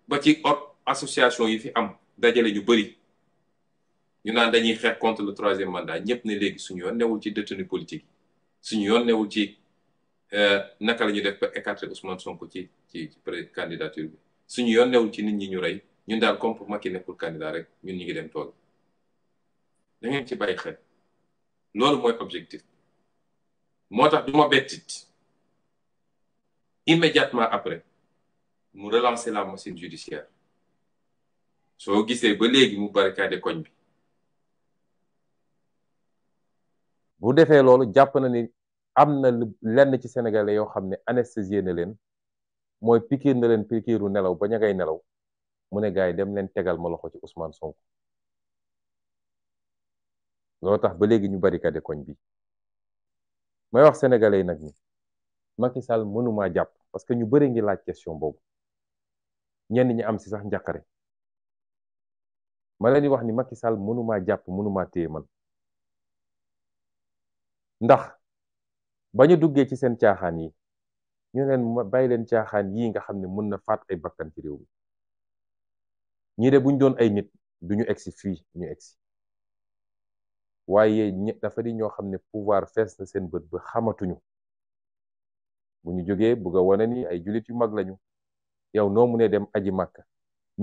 ba ci ot association yi fi am dajale ñu bëri ñu naan dañuy xeex contre le troisième mandat ñëpp ne léegi suñu yoon newul ci détenu politique yi suñu yoon newul ci euh, naka la ñuy def ba écarter Ousmane Sonko ci ci ci candidature bi suñu yoon newul ci nit ñi ñu rey ñu daal comme pour Macky nekkul candidat rek ñun ñu ngi dem tool da ci bàyyi xel loolu mooy objectif moo tax du ma bettit immédiatement après mu relancer la machine judiciaire soo gisee ba léegi mu barricade koñ bi. bu defee loolu jàpp na ni am na lenn ci sénégalais yoo xam ne anesthésié na leen mooy pikiir na leen pikiiru nelaw ba ña ngay nelaw mu ne gars yi dem leen tegal ma loxo ci Ousmane Sonko loolu tax ba léegi ñu barricade koñ bi may wax sénégalais yi nag ni Macky Sall mënumaa jàpp parce que ñu bëri ngi laaj question boobu ñenn ñi am si sax njàqare ma leen di wax ni Macky Sall mënumaa jàpp mënumaa téye man ndax ba ñu duggee ci seen caaxaan yi ñu leen bàyyi leen caaxaan yii nga xam ne mën na faat ay bakkan ci réew mi ñii de buñ doon ay nit du ñu egsi fii ñu egsi waaye dafa di ñoo xam ne pouvoir fees na seen bët ba xamatuñu bu ñu jógee bugg a wane ni ay jullit yu mag lañu yow noo mu ne dem aji màkka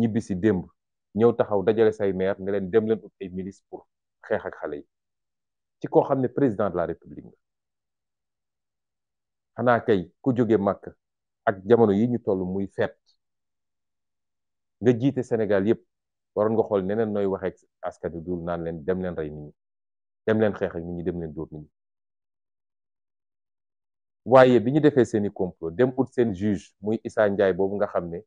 ñibbi si démb ñëw taxaw dajale say meer ne leen dem leen ut ay milice pour xeex xale yi ci koo xam ne président de la république nga xanaa kay ku jóge màkk ak jamono yi ñu toll muy feet nga jiite Sénégal yëpp waroon nga xool neneen nooy waxee askan wi dul naan leen dem leen rey ni ñi dem leen xeex ñu nit ñi dem leen dóor waaye bi ñu defee seeni complot dem ut seen juge muy Issa Ndiaye boobu nga xam ne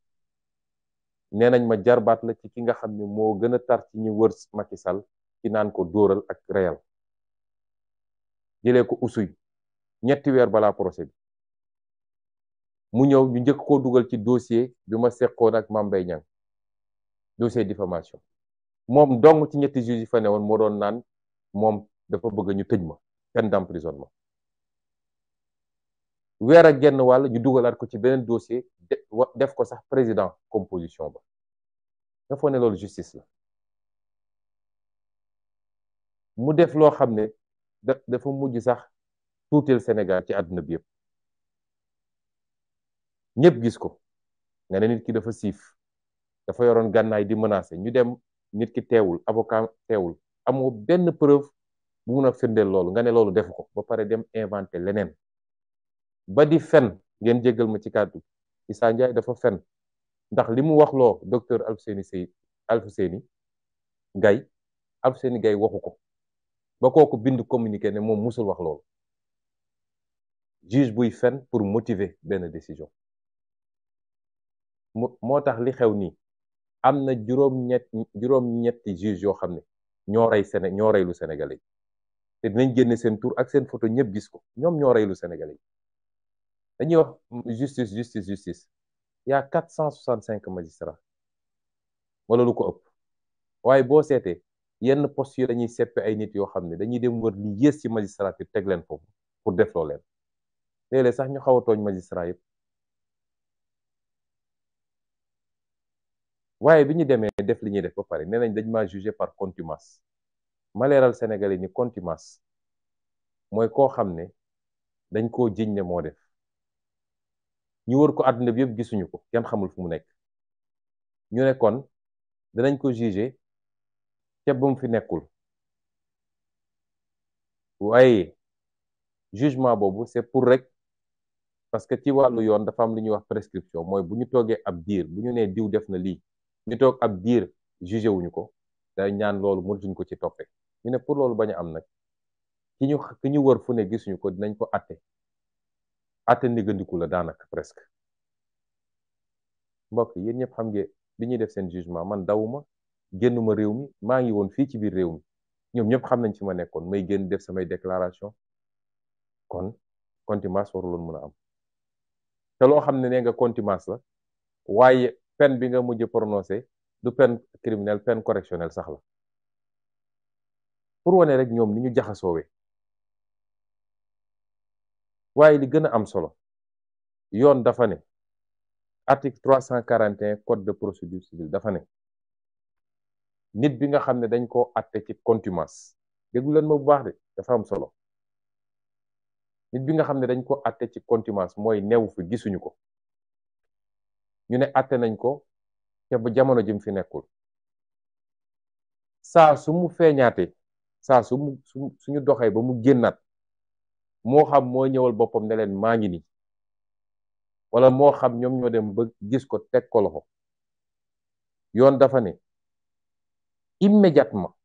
nee nañ ma jarbaat la ci ki nga xam ne moo gën a tar ci ñu wër Macky Sall ci naan ko dóoral ak reyal jëlee ko usuy ñetti weer balaa procès mu ñëw ñu njëkk koo dugal ci dossier bi ma seqoon ak Mame Mbaye Niang dossier diffamation moom dong ci ñetti juge yi woon moo doon naan moom dafa bëgg ñu tëj ma peine d'emprisonnement weer ak genn wàll ñu dugalaat ko ci beneen dossier def ko sax président composition ba dafa ne loolu justice la mu def loo xam ne da dafa mujj sax tuutil Sénégal ci àdduna bi yëpp ñëpp gis ko nga nit ki dafa siif dafa yoroon gànnaay di mënaase ñu dem nit ki teewul avocat teewul amoo benn preuve bu mun a firndeel loolu nga ne loolu defu ko ba pare dem inventé leneen ba di fen ngeen jéggal ma ci kàddu Issa Ndiaye dafa fen ndax li mu wax loo docteur Alfousseni Sey gay Gaye Alfousseni gay waxu ko ba kooku bind communiqué ne moom mosul wax loolu juge buy fen pour motiver benn décision moo tax li xew ni am na juróom-ñett ñetti juge yoo xam ne ñoo rey Séné ñoo rey lu Sénégalais yi te dinañ génne seen tour ak seen photo ñëpp gis ko ñoom ñoo rey lu dañuy wax justice justice justice y a cent soixante cinq magistrats wala lu ko ëpp waaye boo seetee yenn poste yi dañuy seppi ay nit yoo xam ne dañuy dem wër li yées ci magistrature teg leen foofu pour defloo leen léeg sax ñu xaw a tooñ magistrat yëpp waaye bi ñu demee def li ñuy def ba pare nee nañ dañ ma jugé par contumace ma leeral ni contumace mooy koo xam ne dañ koo jiñ ne moo def ñu wër ko àdduna bi yëpp gisuñu ko kenn xamul fu mu nekk ñu ne kon danañ ko jugé ca ba mu fi nekkul waaye jugement boobu c'est pour rek parce que ci wàllu yoon dafa am lu ñuy wax prescription mooy bu ñu toogee ab diir bu ñu nee diw def na lii ñu toog ab diir jugé wuñu ko day ñaan loolu mënatuñ ko ci toppee ñu ne pour loolu bañ a am nag ki ñu ki ñu wër fu ne gisuñu ko dinañ ko atte atte niggandiku la daanaka presque mbokk yéen ñëpp xam ngeen bi ñuy def seen jugement man dawuma génnuma réew mi maa ngi woon fii ci biir réew mi ñoom ñëpp xam nañ ci ma nekkoon may génn def samay déclaration kon contumace waruloon mën a am te loo xam ne nee nga contimence la waaye peine bi nga mujj prononcé du peine criminelle penn correctionnelle saxla pour wane rek ñoom ni ñu jaxasoowee waaye li gën a am solo yoon dafa ne article 341 code de procédure civile dafa ne nit bi nga xam ne dañ koo atte ci contumace déglu leen ma bu baax de dafa am solo nit bi nga xam ne dañ koo atte ci contumace mooy neewu fi gisuñu ko ñu ne atte nañ ko te ba jamono jim fi nekkul saa su mu feeñaatee saa su mu su suñu doxee ba mu génnaat moo xam moo ñëwal boppam ne leen maa ngi nii wala moo xam ñoom ñoo dem ba gis ko teg ko loxo yoon dafa ne immédiatement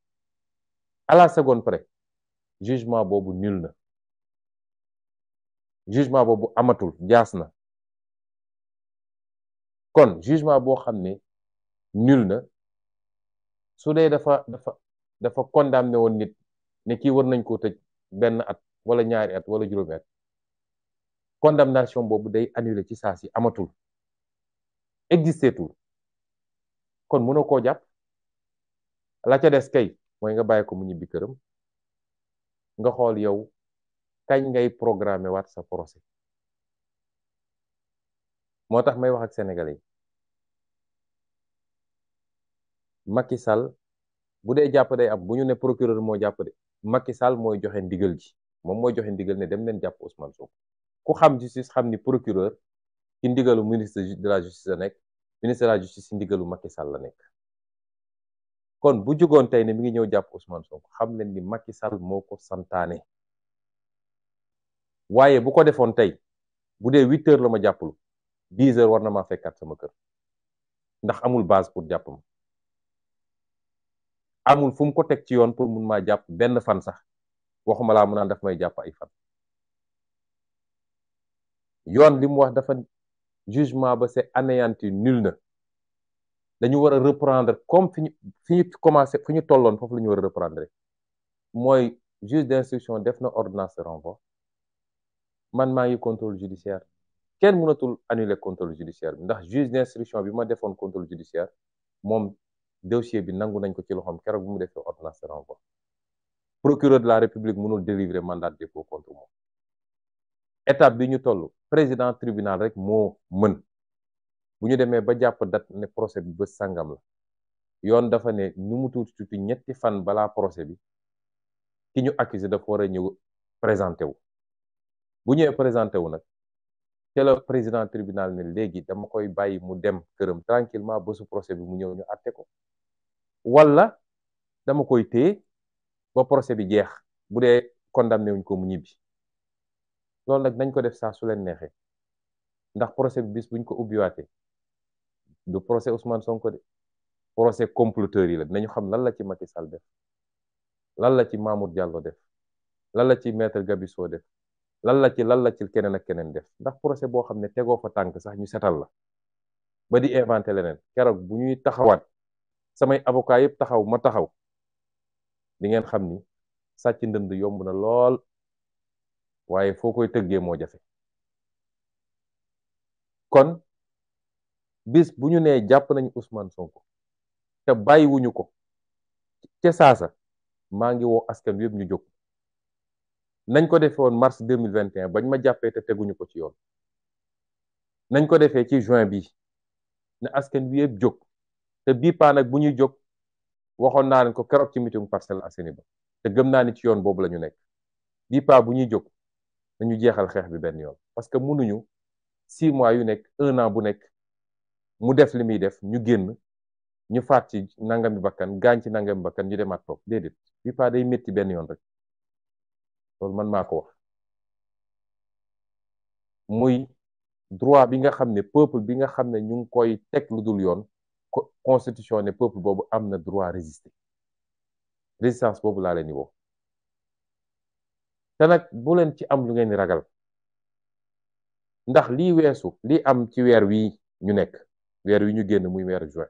à la seconde près jugement boobu nul na jugement boobu amatul jaas na kon jugement boo xam ne nul na su dee dafa dafa dafa condamné woon nit ne kii war nañ koo tëj benn at wala ñaari at wala juróomi at condamnation boobu day annulé ci saa si amatul existé kon mënoo koo jàpp la des kay mooy nga bàyyi ko mu ñibbi këram nga xool yow kañ ngay programme waat sa procès moo tax may wax ak sénégalais yi Sall bu dee jàpp day am bu ñu ne procureur moo jàpp de Macky mooy joxe ndigal ji moom mooy joxe ndigal ne dem leen jàpp Ousmane Sonko ku xam justice xam ni procureur ci ndigalu ministre de la justice la nekk ministre de la justice ci ndigalu Macky Sall la nekk. kon bu jugoon tey ne mi ngi ñëw jàpp Ousmane Sonko xam ne ni Macky Sall moo ko santaane waaye bu ko defoon tey bu dee huit heures la ma jàppalu dix heures war na maa fekkaat sama kër ndax amul base pour jàpp ma amul fu ko teg ci yoon pour mun maa jàpp benn fan sax waxuma laa mu naan daf may jàpp ay fan yoon li mu wax dafa jugement ba c'est anéanti nul na dañu war reprendre comme fi ñu fi ñu commencé fi ñu tolloon foofu la ñu war a reprendre mooy juge d'instruction def na ordonnance de renvoi man maa ngi contrôle judiciaire kenn mënatul annuler contrôle judiciaire bi ndax juge d'instruction bi ma defoon contrôle judiciaire moom dossier bi nangu nañ ko ci loxoom keroog bi mu defee ordonnance de renvoi procureur de la république mënul délivrer mandat de dépôt contre moom étape bi ñu toll président tribunal rek moo mën bu ñu demee ba jàpp date ne procès bi bés sàngam la yoon dafa ne nu mu tuuti tuuti ñetti fan balaa procès bi ki ñu accusé dafa war a ñëw présenté wu bu ñëwee présenté wu nag te la président tribunal ne léegi dama koy bàyyi mu dem këram tranquillement bésu procès bi mu ñëw ñu àtte ko wala dama koy téye ba procès bi jeex bu dee condamné wuñ ko mu ñibbi loolu nag nañ ko def saa su leen neexee ndax procès bi bis buñ ko ubbiwaatee du procès Ousmane Sonko de procès comploteurs yi la dinañu xam lan la ci Macky Sall def lan la ci Mamour jàllo def lan la ci maître Gabisso def lan la ci lan la ci keneen ak keneen def ndax procès boo xam ne tegoo fa tànk sax ñu setal la ba di inventé leneen keroog bu ñuy taxawaat samay avocat yëpp taxaw ma taxaw di ngeen xam ni sàcc ndënd yomb na lool waaye foo koy tëggee moo jafe kon bis bu ñu nee jàpp nañ Ousmane Sonko te bàyyiwuñu ko ca saasa maa ngi woo askan wi yëpp ñu jóg nañ ko defee woon mars 2021 bañ ma jàppee teguñu ko ci yoon nañ ko defee ci juin bi ne askan wi yëpp jóg te bii paa nag bu ñuy jóg waxoon naa leen ko keroog ci meeting Parcelles Assainies ba te gëm naa ni ci yoon boobu la ñu nekk bii paa bu ñuy jóg nañu jeexal xeex bi benn yoon parce que mënuñu six mois yu nekk un bu nekk mu def li muy def ñu génn ñu faat ci nangami bakkan gaañ ci nangami bakkan ñu demaat toog déedéet bi pas day métti benn yoon rek loolu man maa ko wax muy droit bi nga xam ne peuple bi nga xam ne ñu ngi koy teg lu dul yoon constitution ne peuple boobu am na droit résister résistance boobu laa leen di woo te nag bu leen ci am lu ngeen ragal ndax lii weesu lii am ci weer wii ñu nekk weer wi ñu génn muy weeru juin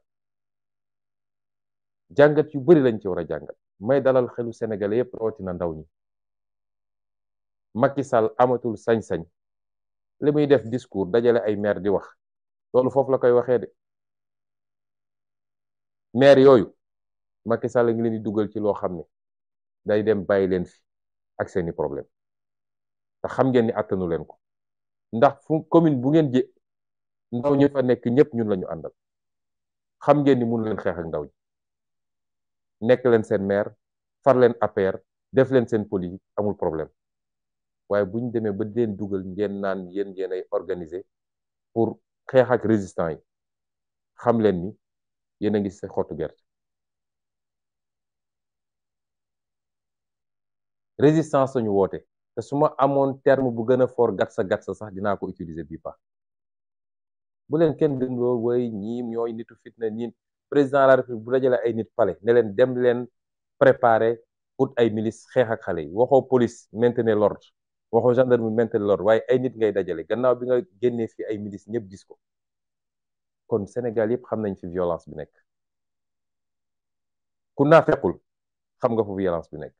jàngat yu bari lañ ci war a jàngat may dalal xelu sénégalais yépp na ndaw ñi Macky Sall amatul sañ-sañ li muy def discours dajale ay maire di wax loolu foofu la koy waxee de maire yooyu Macky Sall leen dugal ci loo xam ne day dem bàyyi leen fi ak seeni problème te xam ngeen ni attanu leen ko ndax fu commune bu ngeen ndaw ñu fa nekk ñëpp ñun la ñu àndal xam ngeen ni mënu leen xeex ndaw ñi nekk leen seen maire far leen APR def leen seen politique amul problème waaye bu ñu demee ba di leen dugal ngeen naan yéen yéen ay organiser pour xeex ak résistants yi xam leen ni yéen a ngi sa xottu gerte. résistance lañu woote te su ma amoon terme bu gën a fort gatsa gatsa sax dinaa ko utiliser bii baax bu leen kenn gën loo woy ñii ñooy nitu fitna ñi président de la bu dajale ay nit pale ne leen dem leen préparer pour ay milice xeex ak xale yi waxoo police maintenir l'ordre waxoo gendarme maintenir l'ordre waaye ay nit ngay dajalee gannaaw bi nga génnee fi ay milice ñëpp gis ko kon Sénégal yëpp xam nañ fi violence bi nekk ku naa fekkul xam nga fu violence bi nekk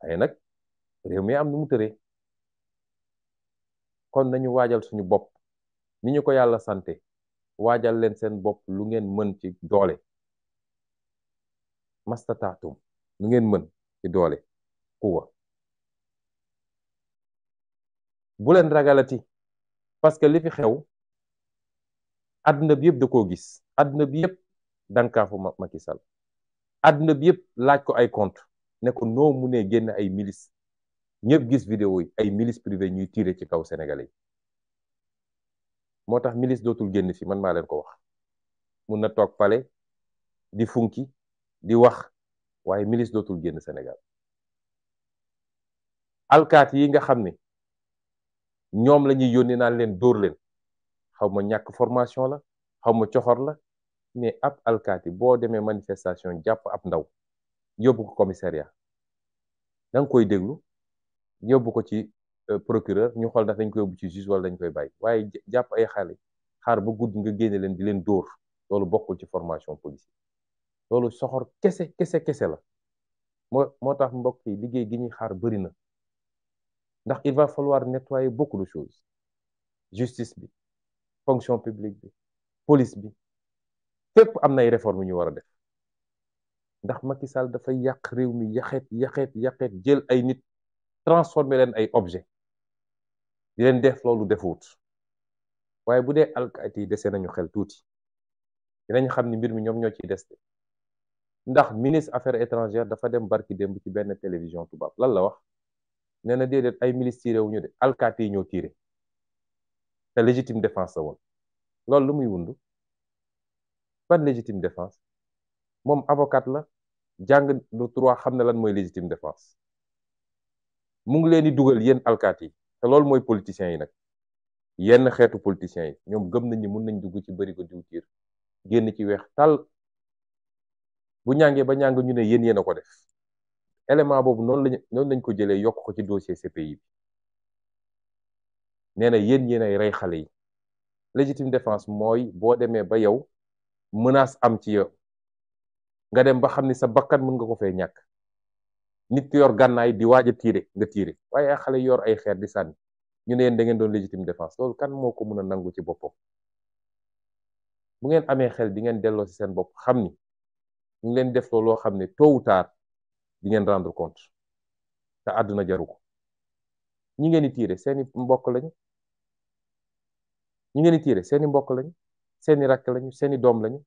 waaye nag réew mi am nu mu tëree kon nañu waajal suñu bopp ni ñu ko yàlla sante waajal leen seen bopp lu ngeen mën ci doole mastataatum lu ngeen mën ci doole quwa bu leen ragalati parce que li xew àdduna bi yëpp da koo gis àdduna bi yëpp dankaafu Macky Sall àdduna bi yëpp laaj ko ay contre ne ko noo mu ne génn ay milice ñëpp gis vidéo yi ay milice privé ñuy tiire ci kaw sénégalais moo tax milice dootul génn fi man maa leen ko wax mun na toog pale di funki di wax waaye milice dootul génn senegal alkaati yi nga xam ne ñoom la ñuy yónnee naan leen dóor leen xaw ma ñàkk formation la xaw ma coxor la mais ab alkaati boo demee manifestation jàpp ab ndaw yóbbu ko commissariat da koy déglu yóbbu ko ci Euh, procureur ñu xool ndax dañ koy yóbbu ci juge koy bàyyi waaye jàpp ay xale xaar ba guddi nga génne leen di leen dóor loolu bokkul ci formation policier loolu soxor kese kese kese la moo moo tax mbokk yi liggéey gi ñuy xaar bëri na ndax il va falloir nettoyer beaucoup de choses justice bi fonction publique bi police bi fépp am na ay réformes yu ñu war a def ndax Macky Sall dafay yàq réew mi yaxeet yaxeet yaxeet jël ay nit transformer leen ay objet di leen def loolu defuut waaye bu dee alkaati yi desee nañu xel tuuti dinañ xam ni mbir mi ñoom ñoo ciy des ndax ministre affaires étrangères dafa dem barki démb ci benn télévision tubaab lan la wax nee na déedéet ay milice tiré wu ñu alkaati yi ñoo tiré te légitime défense loolu lu muy wund ban légitime moom avocat la jàng du xam na lan mooy légitime défense mu ngi leen di dugal yéen alkaati yi te mooy politiciens yi nag yenn xeetu politiciens yi ñoom gëm nañ ni mën nañ dugg ci bëri ko diwtiir génn ci weex tàll bu ñàngee ba ñàng ñu ne yéen yéen a ko def élément boobu noonu lañ noonu lañ ko jëlee yokk ko ci dossier CPI bi nee na yéen yéen ay rey xale yi légitime défense mooy boo demee ba yow mënaas am ci yow nga dem ba xam ni sa bakkan mën nga ko fee ñàkk nit ki yor gànnaay di waaja a tiire nga tiire waaye xale yor ay xeer di sànni ñu ne dangeen da ngeen doon légitime défense loolu kan moo ko mën a nangu ci boppam bu ngeen amee xel di ngeen delloo ci seen bopp xam ni ñu ngi leen def loolu loo xam ne tôt ou tard di ngeen rendre compte te àdduna jaru ko ñi ngeen di tiire seeni mbokk lañu ñi ngeen di tiire seeni mbokk lañu seeni rakk lañu seeni doom lañu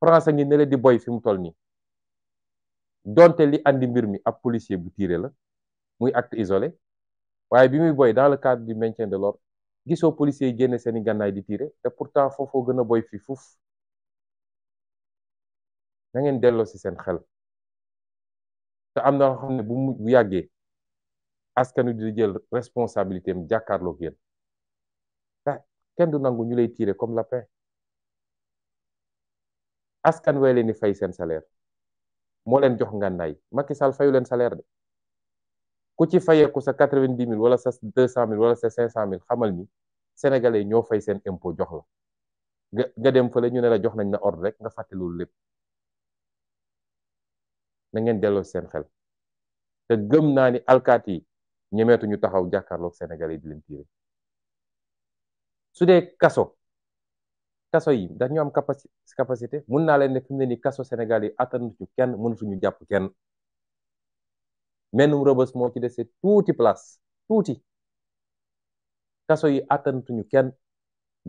France ngi ne leen di boy fi mu toll nii donte li andi mbir mi ab policier bu tiire la muy acte isolé waaye bi muy boy dans le cadre du maintien de l'ordre gisoo policier yi génne seeni gànnaay di tiire te pourtant foofoo gën a boy fii fuuf na ngeen si seen xel te am na loo xam ne bu mu bu yàggee askan wi di jël responsabilité am jàkkaarloog yéen kenn du nangu ñu lay tiire comme lapin askan wee leen di fay seen salaire moo leen jox ngànnaay Macky sal fayu leen salaire de ku ci fayeeku sa quatre-vingt-dix mille wala sa deux cent mille wala sa cinq cent mille xamal ni sénégalais ñoo fay seen impôt jox nga nga dem fële ñu ne a jox nañ na ordre rek nga fàtte loolu lépp na ngeen delloo seen xel te gëm naa ni alkaat yi ñemeetu ñu taxaw jàkkaarloog sénégalais di leen tiire su dee kaso kaso yi ndax ñu capacité mun naa leen ne fi mu ne nii kaso Sénégal yi attanatuñu kenn mënatuñu jàpp kenn menn rëbës moo ci dese tuuti place tuuti kaso yi attanatuñu kenn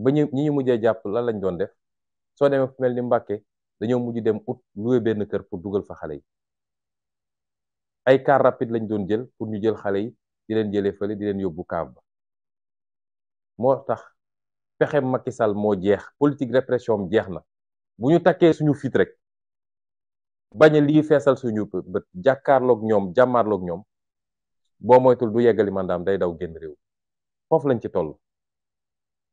ba ñu ñi ñu mujjee jàpp lan lañ doon def soo demee fu mel ni Mbàkke dañoo mujj dem ut loué benn kër pour dugal fa xale yi ay car rapide lañ doon jël pour ñu jël xale yi di leen jëlee fële di leen yóbbu kaab moo tax pexe Macky Sall moo jeex politique répression am jeex na bu ñu takkee suñu fit rek bañ li feesal suñu jàkkaarloog ñoom jàmmaarloog ñoom boo moytul du yeggali mandaam day daw génn réew foofu lañ ci toll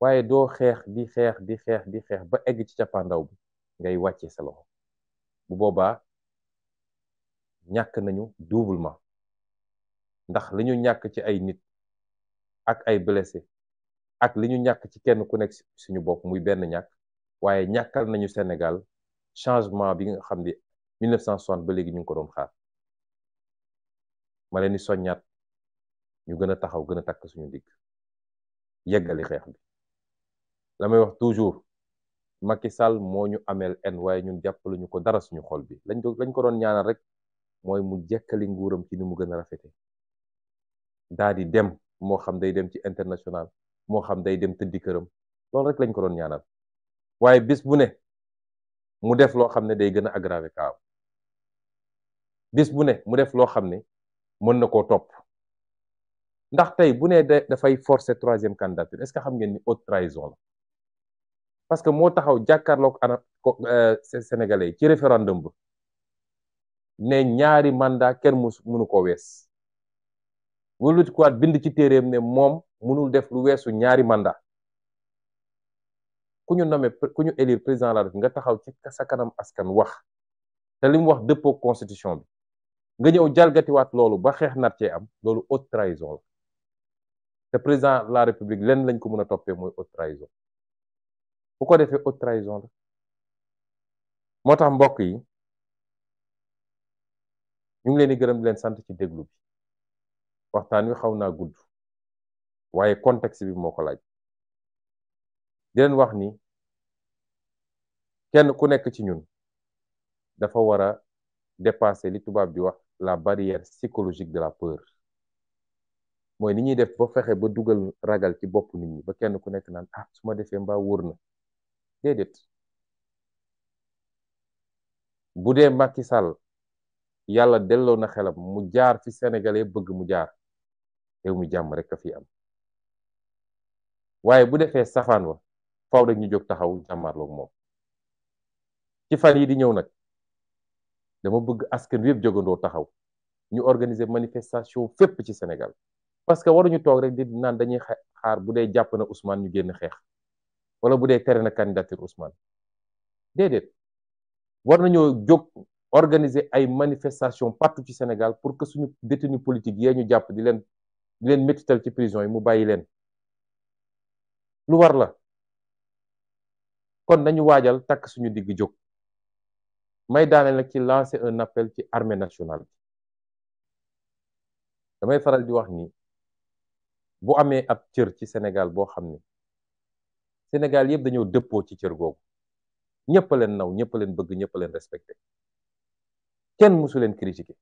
waaye doo xeex di xeex di xeex di xeex ba egg ci cappaandaw bi ngay wàccee sa loxo bu boobaa ñàkk nañu duubul ma ndax li ñu ñàkk ci ay nit ak ay blessé ak li ñu ñàkk ci kenn ku nekk suñu bopp muy benn ñàkk waaye ñàkkal nañu Sénégal changement bi nga xam ne 1960 ba léegi ñu ngi ko doon xaar ma leen di soññaat ñu gën a taxaw gën a takk suñu digg yeggali xeex bi la may wax toujours Macky Sall moo ñu ameel en waaye ñun jàppale ñu ko dara suñu xol bi lañ ko lañ ko doon ñaanal rek mooy mu jekkali nguuram ci ni mu gën a rafete daa di dem moo xam day dem ci international moo xam day dem tëddi këram loolu rek lañ ko doon ñaanal waaye bis bu ne mu def loo xam ne day gën a aggravé kaam bis bu ne mu def loo xam ne mën na koo topp ndax tey bu nee dafay forcer troisième candidature est-ce que xam ngeen ni haute trahison la parce que moo taxaw jàkkaarloog ana ko euh, yi ci référendum ba ne ñaari mandat kenn mu mënu ko wees wëlbatikuwaat bind ci téeréem ne moom mënul def lu weesu ñaari mandat ku ñu nommé ku ñu élire président la République nga taxaw ci sa kanam askan wax te li mu wax dëppoo constitution bi nga ñëw jalgatiwaat loolu ba xeex nar cee am loolu haute trahison la te président la république lenn lañ ko mën a toppee mooy haute trahison bu ko defee haute trahison la moo tax mbokk yi ñu ngi leen di gërëm di leen sant ci déglu bi waxtaan wi xaw naa gudd waaye contexte bi moo ko laaj di wax ni kenn ku nekk ci ñun dafa war a dépasser li tubaab di wax la barrière psychologique de la peur mooy ni ñuy def ba fexe ba dugal ragal ci bopp nit ñi ba kenn ku nekk naan ah su ma defee mbaa wóor na déedéet bu dee Macky Sall yàlla delloo na xelam mu jaar fi Sénégalais bëgg mu jaar réew mi jàmm rek a fi am waaye bu defee safaan wa faaw rek ñu jóg taxaw jàmmaarloog moom ci fan yi di ñëw nag dama bëgg askan wi yëpp jógandoo taxaw ñu organiser manifestation fépp ci Sénégal parce que ñu toog rek di naan dañuy xaar bu dee jàpp na Ousmane ñu génn xeex wala bu dee tere na candidature Ousmane déedéet war nañoo jóg organiser ay manifestation partout ci Sénégal pour que suñu détenu politique yee ñu jàpp di leen di leen métital ci prison yi mu bàyyi leen lu war la kon dañu waajal takk suñu digg jóg may daaneel nag ci lancer un appel ci armee nationale damay faral di wax ni bu amee ab cër ci senegal boo xam ne senegal yëpp dañoo dëppoo ci cër googu ñëpp leen naw ñëpp leen bëgg ñëpp a leen respecté kenn mësu leen critiqué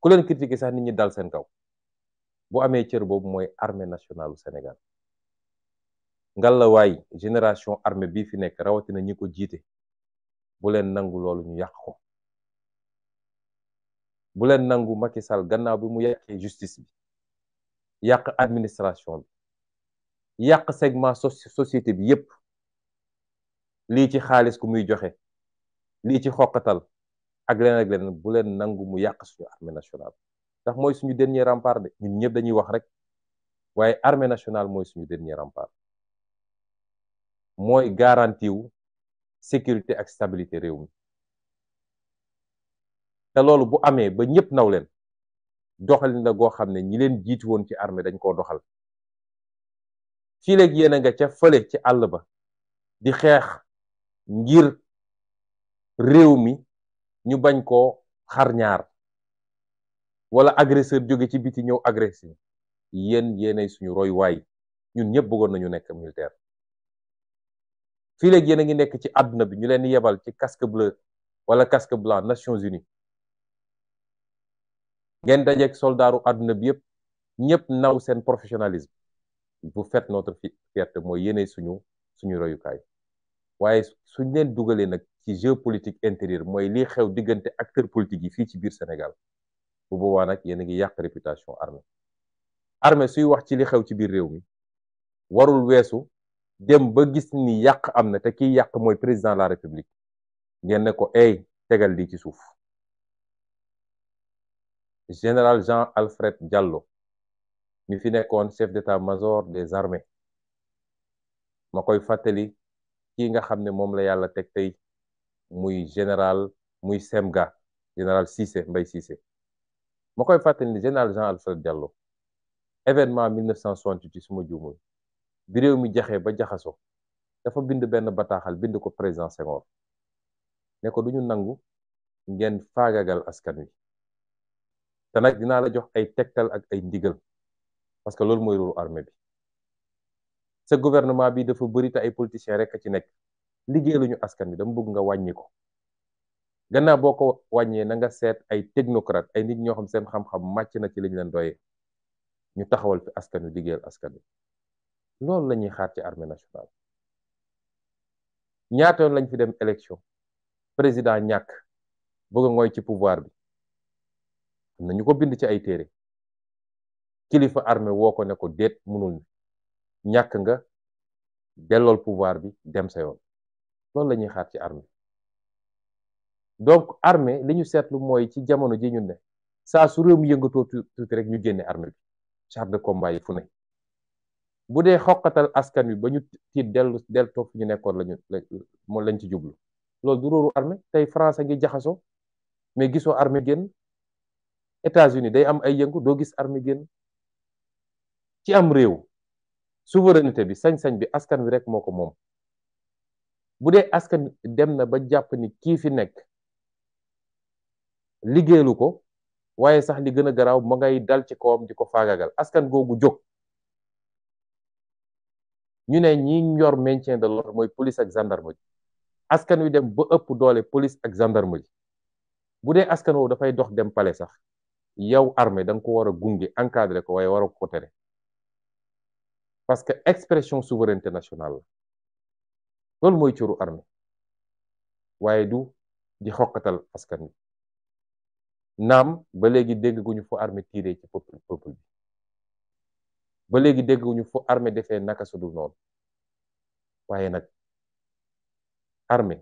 ku leen critiqué sax nit ñi dal seen kaw bu amee cër boobu mooy armée nationalu senegal ngalawaay génération armée bii fi nekk rawatina ñi ko jiite bu leen nangu loolu ñu yàq ko bu leen nangu Macky Sall gannaaw bi mu yàqee justice bi yàq administration bi yàq segment société bi yëpp lii ci xaalis ku muy joxe lii ci xoqatal ak leneen ak leneen bu leen nangu mu yàq suñu armée national ndax mooy suñu dernier rempart de ñu ñëpp dañuy wax rek waaye armée national mooy suñu dernier rempart mooy garantiw sécurité ak stabilité réew mi te loolu bu amee ba ñëpp naw leen doxalin la goo xam ne ñi leen jiitu woon ci armée dañ koo doxal fii léegi yéen a nga ca fële ci àll ba di xeex ngir réew mi ñu bañ ko xar ñaar wala agresseur jóge ci biti ñëw agressé yéen yéenay suñu royuwaay ñun ñëpp bëggoon nañu nekk militaire fii léegi yéen a ngi nekk ci àdduna bi ñu leen di yebal ci casque bleu wala casque blanc Nations Unies ngeen dajeeg soldaaru àdduna bi yëpp ñëpp naw seen professionnalisme vous faites notre fierté mooy yéene suñu suñu royukaay waaye suñ leen dugalee nag ci géopolitique intérieure mooy lii xew diggante acteur politique yi fii ci biir Sénégal bu boobaa nag yéen a ngi yàq réputation armée armée suy wax ci li xew ci biir réew mi warul weesu dem ba gis ni yàq am na te kiy yàq mooy président la république ngeen ne ko ay tegal lii ci suuf général Jean Alfred Diallo mi fi nekkoon chef d'état-major des armées ma koy fàttali kii nga xam ne moom la yàlla teg tey muy général muy semga général Cissé Mbaye Cissé ma koy fàttali ni général Jean Alfred Diallo événement 1968 su ma juumul bi réew mi jaxee ba jaxaso dafa bind benn bataaxal bind ko président Senghor ne ko duñu nangu ngeen faagagal askan wi te nag dinaa la jox ay tegtal ak ay ndigal parce que loolu mooy rôle armée bi sa gouvernement bi dafa bëri te ay politiciens rek a ci nekk liggéeyaluñu askan wi dama bëgg nga wàññi ko gannaaw boo ko wàññee na nga seet ay technocrate ay nit ñoo xam seen xam-xam màcc na ci liñ leen doyee ñu taxawal fi askan wi liggéeyal askan wi loolu la ñuy xaar ci armée nationale ñaata yoon lañ fi dem élection président ñàkk bëgg a ci pouvoir bi am na ñu ko bind ci ay téere kilifa armée woo ko ne ko déet mënul ñàkk nga dellool pouvoir bi dem sa yoon loolu la ñuy xaar ci armée donc armee li ñu seetlu mooy ci jamono ji ñu ne saa su réew mi yëngatoo tuuti rek ñu génne armée bi char de combat fu ne bu dee xoqatal askan wi ba ñu tiit dellu del ñu nekkoon lañu moom lañ ci jublu loolu du róoru armée tey France a ngi jaxasoo mais gisoo armée génn États-Unis day am ay yëngu doo gis armée génn ci am réew souveraineté bi sañ-sañ bi askan wi rek moo ko moom bu dee askan dem na ba jàpp ni kii fi nekk liggéeylu ko waaye sax li gën a garaaw ma ngay dal ci kawam di ko faagagal askan googu jóg ñu ne ñi yor maintien de l'ordre mooy police ak gendarmerie askan wi dem ba ëpp doole police ak gendarmerie bu dee askan woowu dafay dox dem pale sax yow armée da nga ko war a gunge encadré ko waaye war a parce que expression souveraineté nationale la loolu mooy cëru armée waaye du di xokkatal askan wi naam ba léegi dégg gu ñu fa armée tiré ci peuple peuple bi ba léegi dégguñu fo armée defee naka su dul noonu waaye nag armée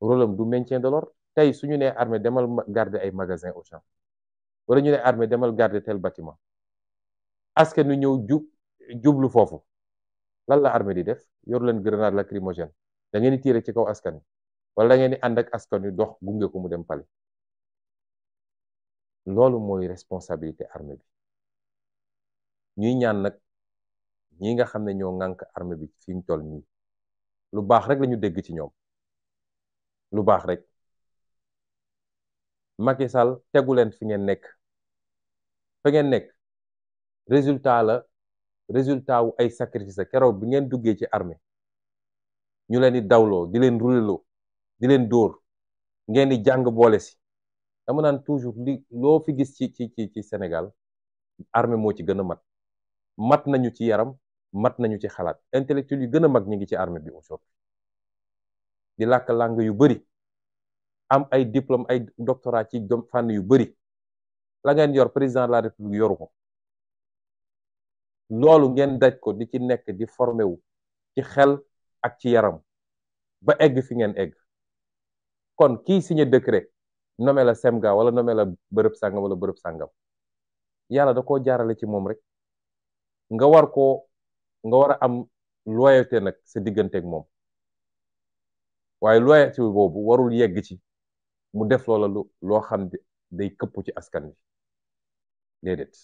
rôle am du maintien de tey su ñu nee armée demal garder ay magasin au champ wala ñu ne armée demal garder tel bâtiment askan nu ñëw jub jublu foofu lan la armée di def yor leen grenade lacrymogène da ngeen di ci kaw askan wala da ngeen di ànd ak askan wi dox gunge mu dem pale loolu mooy responsabilité armée bi ñuy ñaan nag ñi nga xam ne ñoo ŋànk armee bi fi mu toll nii lu baax rek lañu dégg ci ñoom lu baax rek Macky Sall tegu leen fi ngeen nekk fa ngeen nekk résultat la résultat wu ay sacrifice keroog bi ngeen duggee ci armée ñu leen di dawloo di leen ruleloo di leen dóor ngeen di jàng boole si dama naan toujours li loo fi gis ci ci ci Sénégal armée moo ci gën a mat mat nañu ci yaram mat nañu ci xalaat intellectuel yu gën a mag ñi ngi ci armée bi aujourd'hui di làkk langue yu bari am ay diplôme ay doctorat ci fànn yu bëri la ngeen yor président de la république yoru ko loolu ngeen daj ko di ci nekk di formé wu ci xel ak ci yaram ba egg fi ngeen egg kon kii signé décret nommé la semga wala nommé la bërëb sàngam wala bërëb sàngam yàlla da koo jaarale ci moom rek nga war koo nga war a am loyauté nag sa digganteeg moom waaye loyauté bobu warul yegg ci mu def loola lu loo xam day këpp ci askan wi déedéet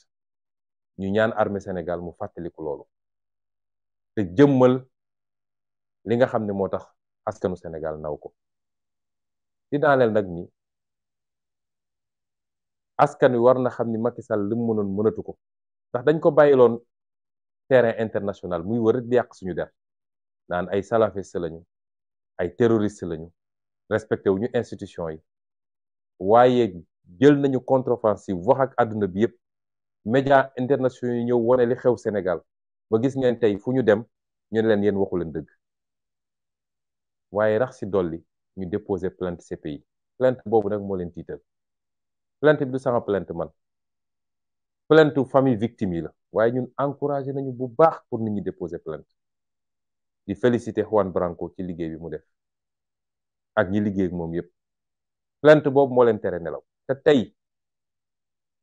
ñu ñaan armée Sénégal mu fàttaliku loolu te jëmmal li nga xam ne moo tax askanu Sénégal naw ko di daaneel nag ni askan wi war na xam ni Macky Sall li mu mënatu ko ndax dañ ko bàyyiloon terrain international muy wër di yàq suñu der naan ay salafiste lañu ay terroriste lañu respecté ñu institution yi waaye jël nañu contre-offensive wax ak àdduna bi yëpp média internationaux yi ñëw wane li xew Sénégal ba gis ngeen tey fu ñu dem ñu leen yéen waxu leen dëgg waaye rax si dolli ñu déposé plainte CPI plainte boobu nag moo leen tiital plainte bi du sama plainte man plainte famille victime yi la waaye ñun encouragé nañu bu baax pour nit ñi déposer plainte di féliciter Juan Branco ci liggéey bi mu def ak ñi liggéey ak moom yépp plainte boobu moo leen tere nelaw te tey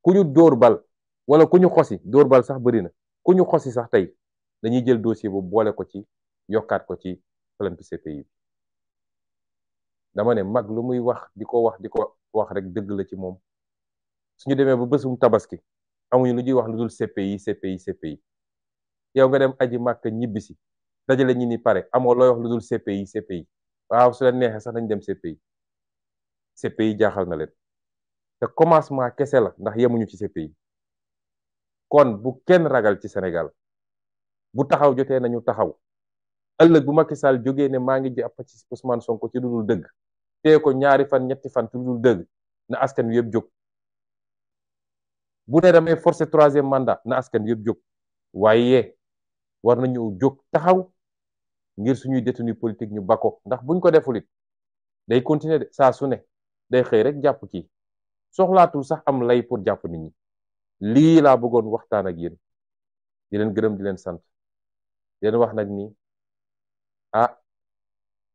ku ñu dóor bal wala ku ñu xosi dóor bal sax bëri na ku ñu xosi sax tey dañuy jël dossier bu boole ko ci yokkaat ko ci plainte CPI bi dama ne mag lu muy wax di ko wax di ko wax rek dëgg la ci moom suñu demee ba bésum tabaski amuñu lu ñuy wax lu dul CPI CPI CPI yow nga dem aji màkk ñibbisi dajale ñi ni pare amoo looy wax lu dul CPI CPI waaw su leen neexee sax nañ dem CPI CPI jaxal na leen te commencement kese la ndax yemuñu ci CPI kon bu kenn ragal ci Sénégal bu taxaw jotee nañu taxaw ëllëg bu Macky Sall jógee ne maa ngi ji àpp ci Ousmane Sonko ci lu dul dëgg tee ko ñaari fan ñetti fan ci lu dul dëgg na askan wi yëpp jóg bu ne damay forcer troisième mandat na askan yëpp jóg waaye war nañu jóg taxaw ngir suñuy détenu politique ñu bako ndax buñ ko defulit day continuer de saa su ne day xëy rek jàpp kii soxlaatul sax am lay pour jàpp nit ñi lii laa bëggoon waxtaan ak yéen di leen gërëm di leen sant yen wax nag ni ah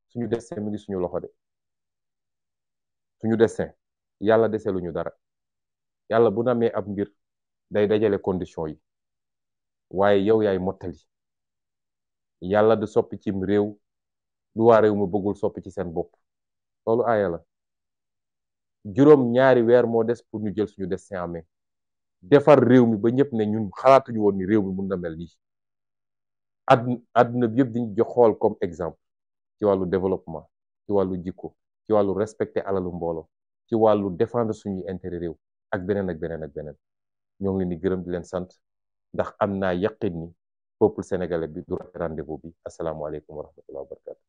suñu destin mi ngi suñu loxo de suñu destin yàlla deseluñu dara yàlla bu namee ab mbir day dajale condition yi waaye yow yaay mottali yàlla du soppi cim réew lu réew ma bëggul soppi ci seen bopp loolu aaya la juróom ñaari weer moo des pour ñu jël suñu destin en defar réew mi ba ñëpp ne ñun xalaatuñu woon ni réew mi mun na mel nii àdduna àdduna bi yëpp diñu jox xool comme exemple ci wàllu développement ci wàllu jikko ci wàllu respecter alalu mbooloo ci wàllu défendre suñuy intere réew ak beneen ak beneen ak beneen ñoo ngi leen di gërëm di leen sant ndax am naa yaqin ni peuple sénégalais bi du rendez-vous bi asalaamualeykum wa rahmatullahi wa barakatu